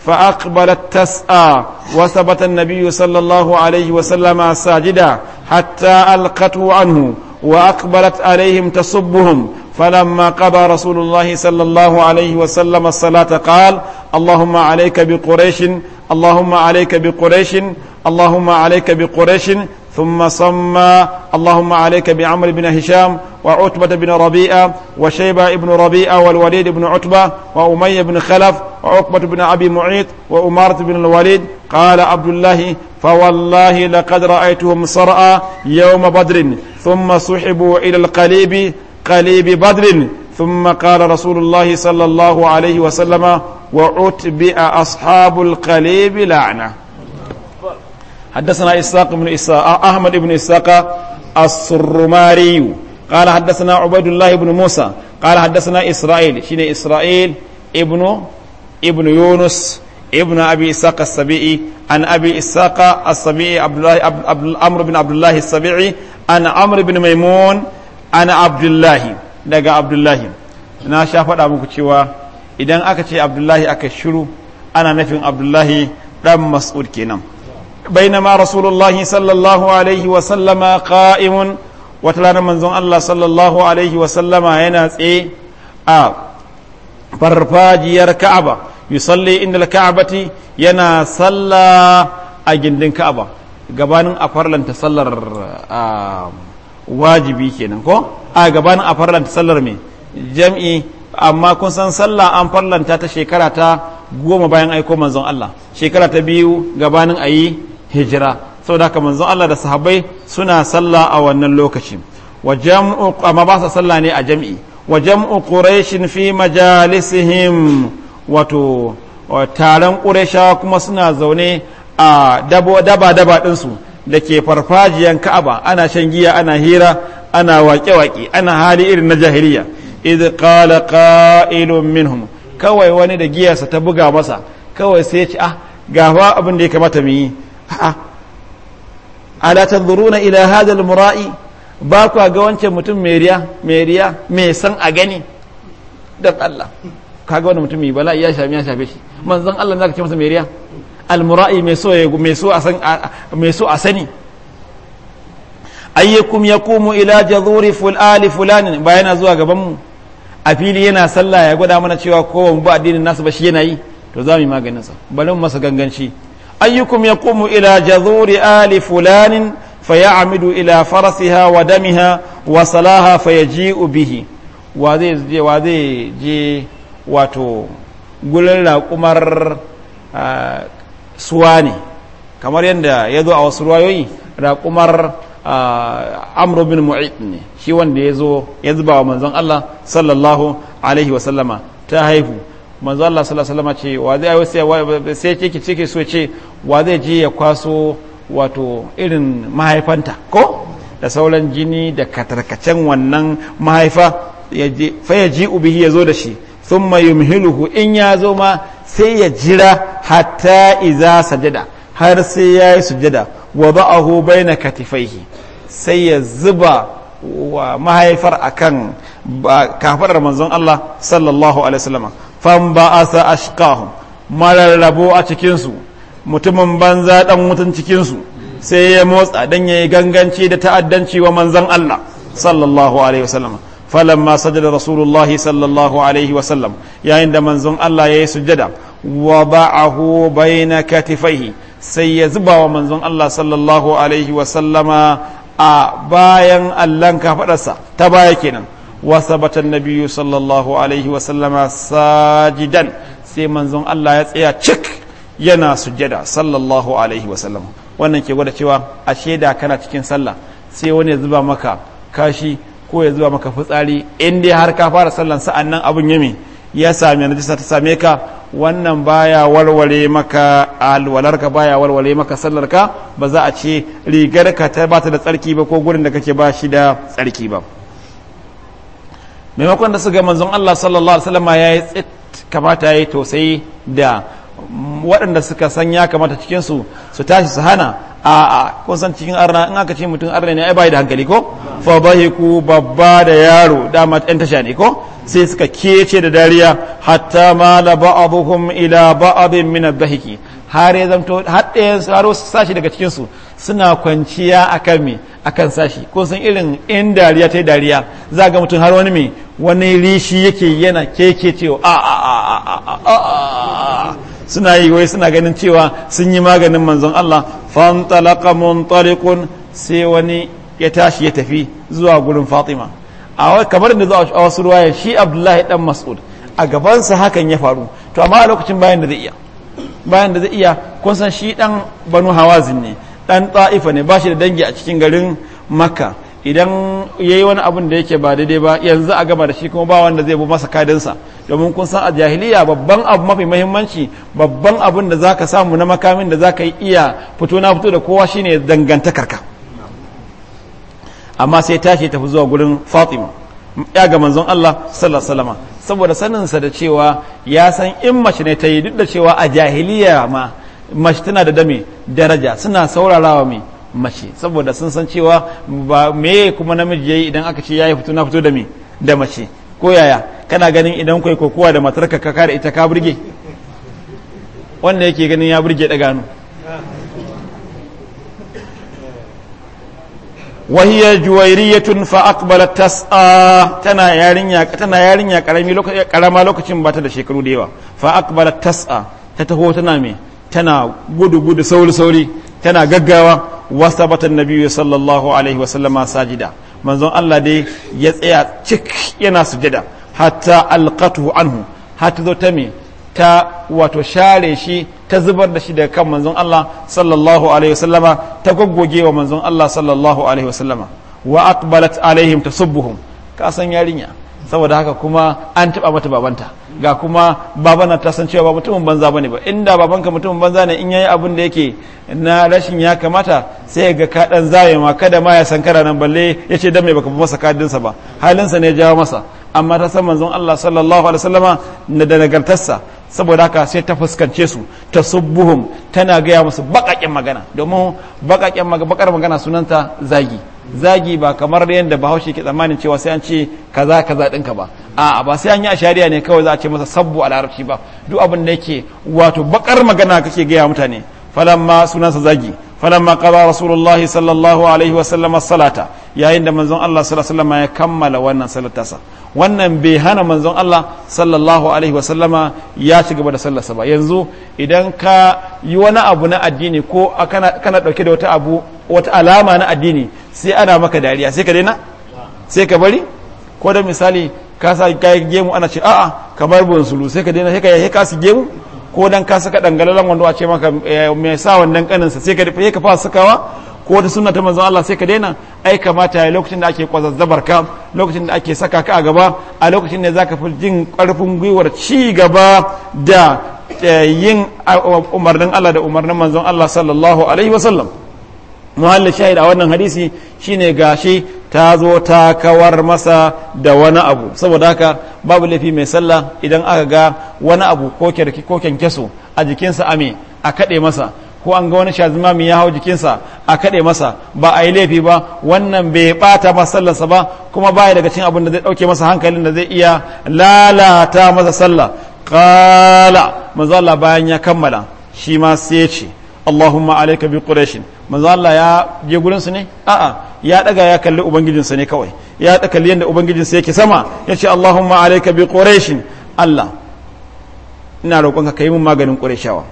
فأقبلت تسعى وثبت النبي صلى الله عليه وسلم ساجدا حتى ألقته عنه وأقبلت عليهم تصبهم فلما قضى رسول الله صلى الله عليه وسلم الصلاة قال اللهم عليك بقريش اللهم عليك بقريش اللهم عليك بقريش ثم صمى اللهم عليك بعمر بن هشام وعتبة بن ربيعة وشيبة بن ربيعة والوليد بن عتبة وأمية بن خلف وعقبة بن أبي معيط وأمارة بن الوليد قال عبد الله فوالله لقد رأيتهم صرعى يوم بدر ثم سحبوا إلى القليب قليب بدر ثم قال رسول الله صلى الله عليه وسلم وعتبئ أصحاب القليب لعنة حدثنا إساق بن إساق أحمد بن إساق السرماري قال حدثنا عبيد الله بن موسى قال حدثنا إسرائيل شين إسرائيل ابن ابن يونس ابن أبي إساق السبيعي عن أبي إساق السبيعي عبد الله عبد عمرو بن عبد الله السبيعي عن عمرو بن ميمون ana abdullahi daga abdullahi na sha faɗa muku cewa idan aka ce abdullahi aka shiru ana nufin abdullahi ɗan mas'ud kenan بينما رسول الله صلى الله عليه وسلم قائم وتلانا منزون الله صلى الله عليه وسلم هنا ايه آه فرفاجي الكعبة يصلي إن الكعبة ينا صلى أجندن كعبة قبان أفرلن تصلر آه wajibi kenan ko a gabanin a farlanta sallar me jam'i amma kun san sallah an farlanta ta shekara ta goma bayan aiko manzon Allah shekara ta biyu gabanin a yi hijira saboda haka manzon Allah da sahabbai suna sallah a wannan lokaci wa amma ba sa sallah ne a jam'i wa jam'u quraishin fi majalisihim wato taron qurayshawa kuma suna zaune a daba daba ɗinsu da ke farfajiyan ka'aba ana shan giya ana hira ana waƙe-waƙe ana hali irin na jahiliya idh qala qa'ilun minhum kawai wani da giyarsa ta buga masa kawai sai ya ce ah gaba abin da ya kamata mu yi a'a ala tanzuruna ila hadha almura'i ba ku ga wancan mutum mai riya mai riya mai san a gani dan Allah kaga wani mutum mai bala'i ya shafi ya shafe shi manzon Allah zaka ce masa mai riya almura'i mai so a sani ayyukum ya kumu ila jazuri fulali fulanin ba yana zuwa gabanmu a fili yana sallah ya gwada mana cewa kowa mu ba addinin nasu ba shi yana yi to za mu yi maganinsa bari masa ganganci ayyukum ya kumu ila jazuri ali fulanin fa ya amidu ila farasiha wa damiha wa salaha fa ya ji ubihi wa zai je wa zai je wato gurin raƙumar ah, suwa ne kamar yadda ya zo a wasu ruwayoyi raƙumar amru bin mu'id ne shi wanda ya zo ya zuba wa manzan Allah sallallahu alaihi wasallama ta haihu manzan Allah sallallahu alaihi wasallama ce wa zai sai cike so ce wa zai je ya kwaso wato irin mahaifanta ko da sauran jini da katarkacen wannan mahaifa fa ya ji ubihi ya zo da shi sun mai yumhiluhu in ya zo ma sai ya jira hatta iza sajada har sai ya yi sujada wa ba'ahu baina katifaihi sai ya zuba wa mahaifar a kan kafaɗar manzon Allah sallallahu alaihi wasallam fan ba'asa ashqahum mararrabo a cikinsu mutumin banza dan mutun cikinsu sai ya motsa dan yi ganganci da ta'addanci wa manzon Allah sallallahu alaihi wasallam falamma sajada rasulullahi sallallahu alaihi wasallam yayin da manzon Allah ya yi sujada wa ba'ahu na katifaihi sai ya zuba wa manzon Allah sallallahu alaihi wasallama a bayan allan kafadarsa ta baya kenan وثبت النبي صلى الله عليه وسلم ساجدا sai manzon Allah ya tsaya cik yana sujada sallallahu alaihi wasallam wannan ke gwada cewa a shaida kana cikin sallah sai wani ya zuba maka kashi ko ya zuwa maka fitsari in dai har ka fara sallan sa'an nan abin yami ya sami najisa ta same ka wannan baya walwale maka alwalarka baya walwale maka sallarka ba za a ce rigar ka ta bata da tsarki ba ko gurin da kake ba shi da tsarki ba maimakon da su ga manzon Allah sallallahu alaihi wasallam yi tsit kamata ya yi tosai da waɗanda suka san ya kamata cikinsu su tashi su hana a kun san cikin arna in aka ce mutum arna ne ai bai da hankali ko fa ku babba da yaro dama ɗan tasha ne ko sai suka kece da dariya hatta ma la ba'dhum ila ba'dhin min ad-dhahiki har ya zamto har ɗaya sashi daga cikin su suna kwanciya akan me akan sashi ko san irin in dariya ta dariya za ga mutum har wani me wani rishi yake yana kekecewa a a suna yi wai suna ganin cewa sun yi maganin manzon Allah fantalaka tarikun sai wani ya tashi ya tafi zuwa gurin Fatima a kamar da zuwa wasu ruwaya shi Abdullahi dan Mas'ud a gabansa hakan ya faru to amma a lokacin bayan da zai iya bayan da zai iya kun san shi dan Banu Hawazin ne dan Ta'ifa ne ba shi da dangi a cikin garin Makka idan yayi wani abun da yake ba daidai ba yanzu a gama da shi kuma ba wanda zai bu masa kadinsa domin kun san a jahiliya babban abu mafi mahimmanci babban abun da zaka samu na makamin da zaka yi iya fito na fito da kowa shine dangantakarka amma sai tashi tafi zuwa gurin Fatima ya ga manzon Allah sallallahu alaihi saboda saninsa da cewa ya san in mace ne ta yi duk da cewa a jahiliya ma mace tana da dame daraja suna saurarawa mai mace saboda sun san cewa ba me kuma namiji yayi idan aka ce yayi fito na fito da me da mace ko yaya kana ganin idan kai kokowa da matarka ka kare ita ka burge wanda yake ganin ya burge da gano wahiya juwairiyatun fa aqbalat tas'a tana yarinya tana yarinya karami lokacin karama lokacin ba ta da shekaru da yawa fa aqbalat tas'a ta taho tana me tana gudu gudu sauri sauri tana gaggawa na biyu sallallahu alaihi wasallama sajida manzon Allah dai ya tsaya cik yana sujada hatta alqatuhu anhu hatta zo ta me ta wato share shi ta zubar da shi daga kan manzon Allah sallallahu alaihi wasallama ta goggoge wa manzon Allah sallallahu alaihi wasallama wa aqbalat alaihim tasubbuhum ka san yarinya saboda haka kuma an taba mata babanta ga kuma babana ta san cewa ba mutumin banza bane ba inda babanka mutumin banza ne in yayi abin da yake na rashin ya kamata sai ga ka dan zaye ma kada ma ya san nan balle yace dan me baka masa kadin sa ba halin sa ne ya jawo masa amma ta san manzon Allah sallallahu alaihi wasallama da nagartarsa saboda haka sai ta fuskance su ta subuhum tana gaya musu bakaƙen magana domin bakaƙen bakar magana sunanta zagi zagi ba kamar yadda bahaushe ke tsammanin cewa sai an ce kaza kaza dinka ba a'a ba sai an yi a shari'a ne kawai za a ce masa sabbu a larabci ba duk abin da yake wato bakar magana kake gaya mutane falamma sunansa zagi falamma qada rasulullahi sallallahu alaihi wa sallam salata yayin da manzon Allah sallallahu alaihi ya kammala wannan salatarsa wannan bai hana manzon Allah sallallahu alaihi wa sallama ya ci gaba da sallasa ba yanzu idan ka yi wani abu na addini ko kana kana dauke da wata alama na addini sai ana maka dariya sai ka daina sai ka bari ko da misali ka sa gemu ana ce a'a kamar sai ka daina sai ka gemu ko dan ka saka dangalalan wando a ce maka eh, me sa wannan kaninsa sai ka dafa ka fara sakawa ko da sunna ta manzon Allah sai ka daina ai kamata ya lokacin da ake kwazazzabar ka lokacin da ake saka ka a gaba a lokacin ne zaka fi jin karfin gwiwar ci gaba da eh, yin umarnin Allah da umarnin manzon Allah sallallahu alaihi wasallam muhallin shahid a wannan hadisi shine gashi ta zo ta kawar masa da wani abu saboda haka babu laifi mai sallah idan aka ga wani abu ko kyarki ko kyankyaso a jikinsa ame a kaɗe masa ko an ga wani shazimami ya hau jikinsa a kaɗe masa ba a yi laifi ba wannan bai ɓata masa sallarsa ba kuma baya daga cin abin da zai ɗauke masa hankalin da zai iya lalata masa sallah kala manzo Allah bayan ya kammala shi ma sai ce Allahumma alayka bi quraish manzo Allah ya je gurin su ne a'a ya daga ya kalli ubangijinsa ne kawai ya daga kalli yanda ubangijinsa yake sama yace Allahumma alayka bi quraish Allah ina ka kai min maganin qurayshawa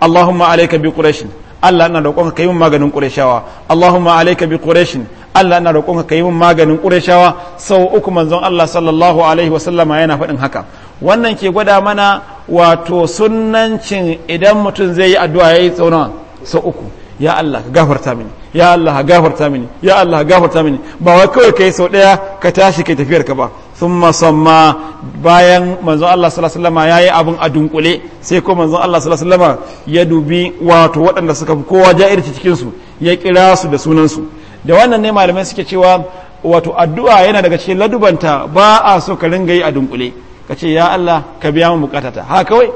Allahumma alayka bi quraish Allah ina ka kai min maganin qurayshawa Allahumma alayka bi quraish Allah ina ka kai min maganin qurayshawa sau uku manzon Allah sallallahu alaihi wasallama yana faɗin haka wannan ke gwada mana wato sunancin idan mutum zai yi addu'a ya yi tsaunawa sau uku ya Allah ka gafarta mini ya Allah ka gafarta mini ya Allah ka gafarta mini ba wai kawai kai sau daya ka tashi kai tafiyar ka ba thumma samma bayan manzon Allah sallallahu alaihi yi abin abun a dunkule sai ko manzon Allah sallallahu alaihi ya dubi wato waɗanda suka fi kowa ja'irci cikin su ya kira su da sunan su da wannan ne malamai suke cewa wato addu'a yana daga cikin ladubanta ba a so ka ringa yi a dunkule ka ce ya Allah ka biya mu bukatata ha kawai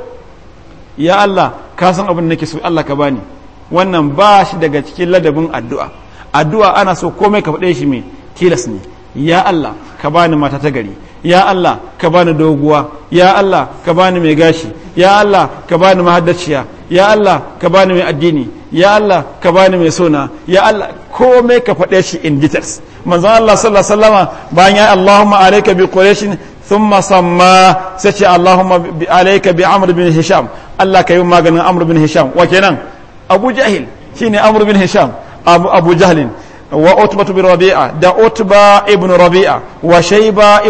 ya Allah ka san abin nake so Allah ka bani wannan ba shi daga cikin ladabin addu'a addu'a ana so komai ka faɗe shi mai tilas ne ya Allah ka bani mata ta gari ya Allah ka bani doguwa ya Allah ka bani mai gashi ya Allah ka bani mahaddaciya ya Allah ka bani mai addini ya Allah ka bani mai sona ya Allah komai ka faɗe shi in details manzon Allah sallallahu alaihi wasallama bayan ya Allahumma alayka bi quraishin thumma samma sai ce Allahumma bi Amr bin Hisham Allah ka yi maganin Amr bin Hisham wa kenan shine Amr bin Hisham Abu da Utba ibn Rabi'a wa da Utbah da Shayba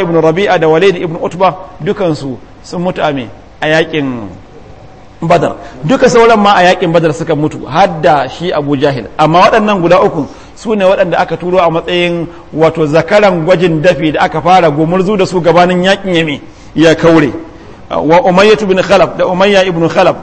ibn da Walid ibn Utba dukansu a yakin Badar duka sauran ma a yakin Badar suka mutu shi amma waɗannan guda uku su ne waɗanda aka turo a matsayin wato zakaran gwajin dafi da aka fara gumurzu da su gabanin yakin yami ya kaure wa umayyatu bin khalaf da umayya ibn khalaf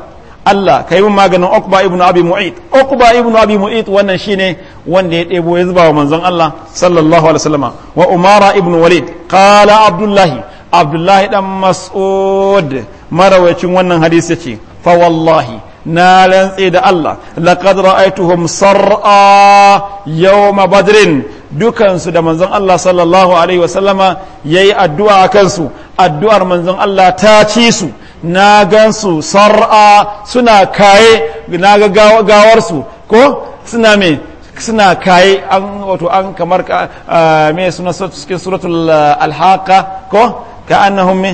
Allah ka yi maganin Uqba ibn Abi Mu'id Uqba ibn Abi Mu'id wannan shine wanda ya ɗebo ya zuba wa manzon Allah sallallahu alaihi wasallama wa Umara ibn Walid qala Abdullahi Abdullahi dan Mas'ud marawacin wannan hadisi ce fa wallahi na rantse da Allah laqad ra'aytuhum sar'a yawma badrin dukansu da manzon Allah sallallahu alaihi wasallama yi addu'a a kansu addu'ar manzon Allah ta ci su na gansu sar'a suna kaye na gawarsu ko suna me suna kaye an wato an kamar me suna cikin suratul alhaqa ko ka annahum me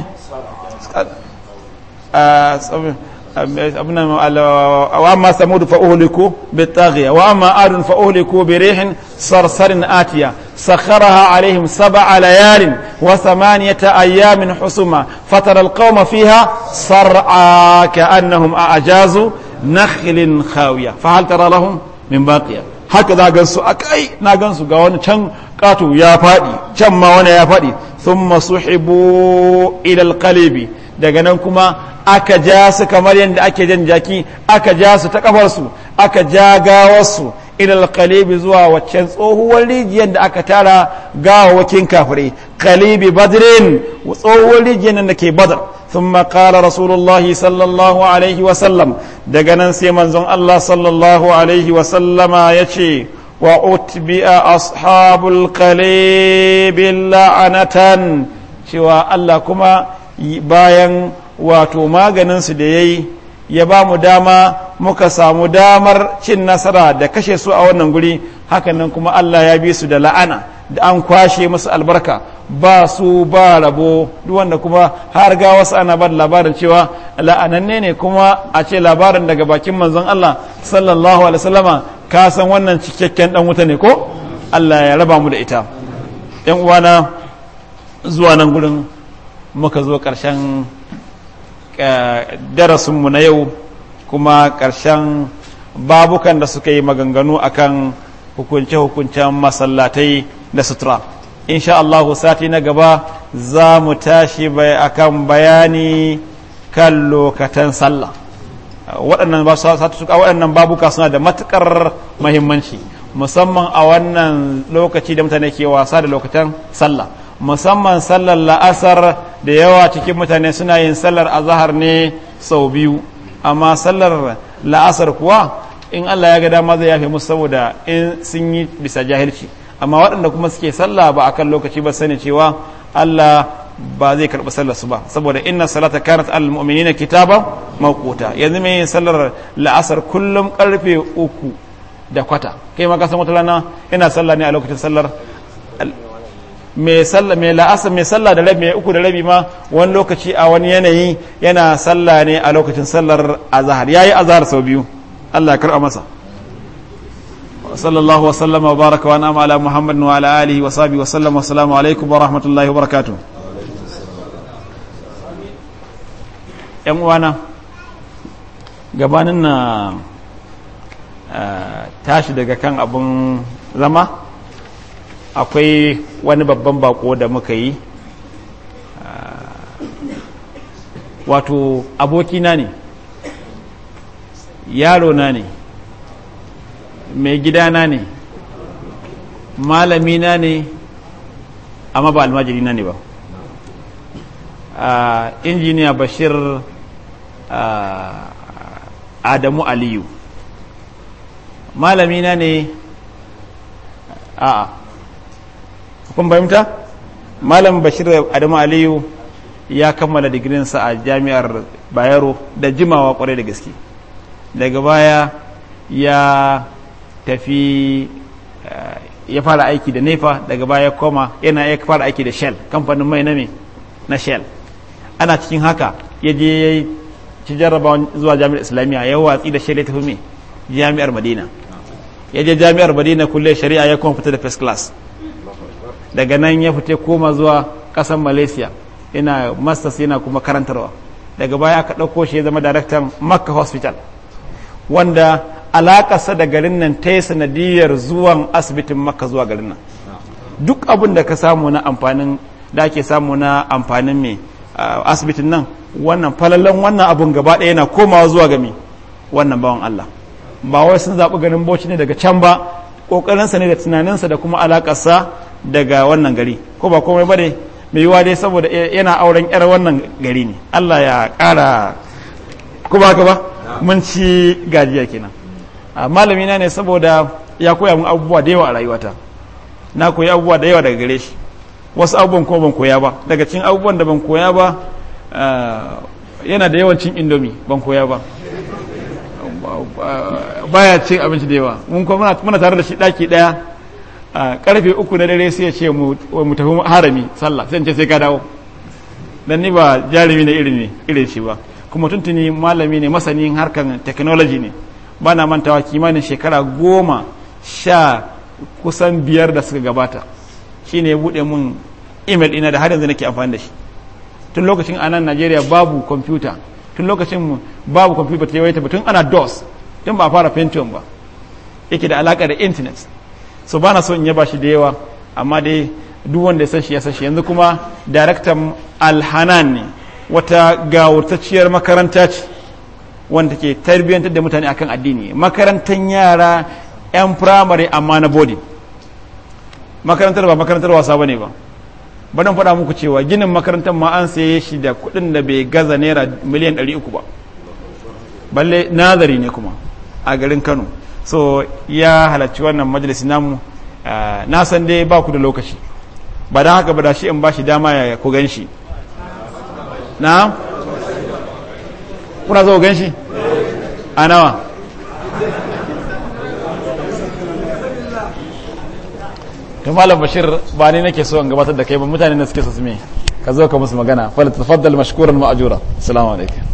abin wa ma samudu fa uhliku bi taghiya wa ma adun fa uhliku bi rihin sarsarin atiya sakharaha alaihim sab'a layalin wa thamaniyata ayamin husuma fatara alqawma fiha sar'a ka'annahum a'jazu nakhlin khawiya fa hal tara lahum min baqiya haka za gan su a na gan su ga wani can katu ya faɗi can ma wani ya faɗi thumma suhibu ila alqalibi daga nan kuma aka ja su kamar yadda ake jan jaki aka ja su ta ƙafarsu, aka ja gawarsu ilal kalibi zuwa waccan tsohuwar rijiyar da aka tara gawawakin kafirai kalibi badrin tsohuwar rijiyar nan da ke badar sun makara rasulullahi sallallahu alaihi wasallam daga nan sai manzon allah sallallahu alaihi wasallama ya ce wa utbi'a ashabul kalibi la'anatan cewa allah kuma bayan wato maganin su da ya yi ya ba mu dama muka samu damar cin nasara da kashe su a wannan guri hakanan kuma Allah ya bi su da la'ana da an kwashe musu albarka ba su ba rabo wanda kuma har ga wasu ana ba labarin cewa la'ananne ne kuma a ce labarin daga bakin manzon Allah sallallahu alaihi wasallama ka san wannan cikakken dan wuta ne ko Allah ya raba mu da ita yan uwana zuwa nan gurin muka zo ƙarshen eh, darasinmu na yau kuma ƙarshen babukan da suka yi maganganu akan hukunce-hukuncen masallatai da sutura insha Allah sati na gaba za mu tashi akan bayani kan lokatan sallah waɗannan babuka suna da matuƙar mahimmanci musamman a wannan lokaci da mutane ke wasa da lokacin sallah musamman sallar la'asar da yawa cikin mutane suna yin sallar azahar ne sau biyu amma sallar la'asar kuwa in Allah ya ga dama zai yafe musu saboda in sun yi bisa jahilci amma waɗanda kuma suke salla ba kan lokaci ba sani cewa Allah ba zai karɓi sallar su ba saboda inna salata kanat al mu'minina kitaba mawquta yanzu mai yin sallar la'asar kullum karfe uku da kwata kai ma ka san wata ina sallah ne a lokacin sallar mai sallah mai la'asa mai sallah da rabi mai uku da rabi ma wani lokaci a wani yanayi yana sallah ne a lokacin sallar azahar ya yi azahar sau biyu Allah ya masa sallallahu wa sallama wa baraka wa na'am ala muhammadin wa ala alihi wa sabi wa sallam wa salamu alaikum wa rahmatullahi wa barakatu yan uwana gabanin na eh, tashi daga kan abun zama akwai wani babban bako da muka yi ah, wato abokina ne yaro na ne mai gidana ne malamina ne amma ba almajirina ne ba ah, injiniya bashir ah, adamu aliyu malamina ne a'a kun fahimta malam bashir adamu aliyu ya kammala digirinsa a jami'ar bayero da jimawa kwarai da gaske daga baya ya tafi eh, ya fara aiki da nefa daga baya koma yana ya fara aiki da shell kamfanin mai na na shell ana cikin haka ya je ya ci zuwa jami'ar islamiyya ya watsi da shell ya tafi mai jami'ar madina ya je jami'ar madina kulle shari'a ya kuma fita da first class daga nan ya fita koma zuwa ƙasar malaysia ina masters yana kuma karantarwa daga baya aka ɗauko shi zama daraktan makka hospital wanda alakarsa da garin nan ta yi sanadiyar zuwan asibitin makka zuwa garin nan duk abin da ka samu na amfanin da ake samu na amfanin mai asibitin nan wannan falallan wannan abun gaba ɗaya yana komawa zuwa gami wannan bawan Allah ba wai sun zaɓi garin bauchi ne daga can ba ƙoƙarinsa ne da tunaninsa da kuma alakarsa daga wannan gari ko ba komai ba ne mai yiwa dai saboda e, yana auren yar wannan gari ne Allah ya ƙara ko ba ka ba mun ci gajiya kenan malami na ne saboda ya koya mun abubuwa da yawa a rayuwata na koyi abubuwa da yawa daga gare shi wasu abubuwan ko ban koya ba daga cikin abubuwan da ban koya ba yana da yawancin indomi ban koya ba baya cin abinci da yawa mun kuma muna tare da shi daki daya karfe uku na dare sai ya ce mu tafi harami sallah sai ce sai ka dawo dan ni ba jarumi ne irin ne irin shi ba kuma tuntuni malami ne masanin harkan technology ne ba na mantawa kimanin shekara goma sha kusan biyar da suka gabata shine ne buɗe mun email ina da har yanzu nake amfani da shi tun lokacin a nan najeriya babu kwamfuta tun lokacin babu kwamfuta ta yawaita ba tun ana dos tun ba fara pentium ba yake da alaƙa da intanet so ba na so in yaba shi da yawa amma dai duk wanda ya san shi ya shi yanzu kuma daraktan alhanan ne wata gawurtacciyar makaranta ce wanda ke tarbiyyantar da mutane akan addini makarantar yara 'yan firamare amma na bodi makarantar ba makarantar wasa ba ne ba badan faɗa muku cewa ginin makarantar ma an saye shi da kuɗin da bai gaza naira miliyan 300 ba balle nazari ne kuma a garin kano so ya halarci wannan majalisi namu ah, na san dai ba ku da lokaci ba don haka ba da shi in ba shi dama ya ku gan shi na kuna zo gan shi a nawa malam bashir ba ne nake so in gabatar da kai ba mutane na suke su ka zo ka musu magana falitafadal mashkuran ma'ajura assalamu alaikum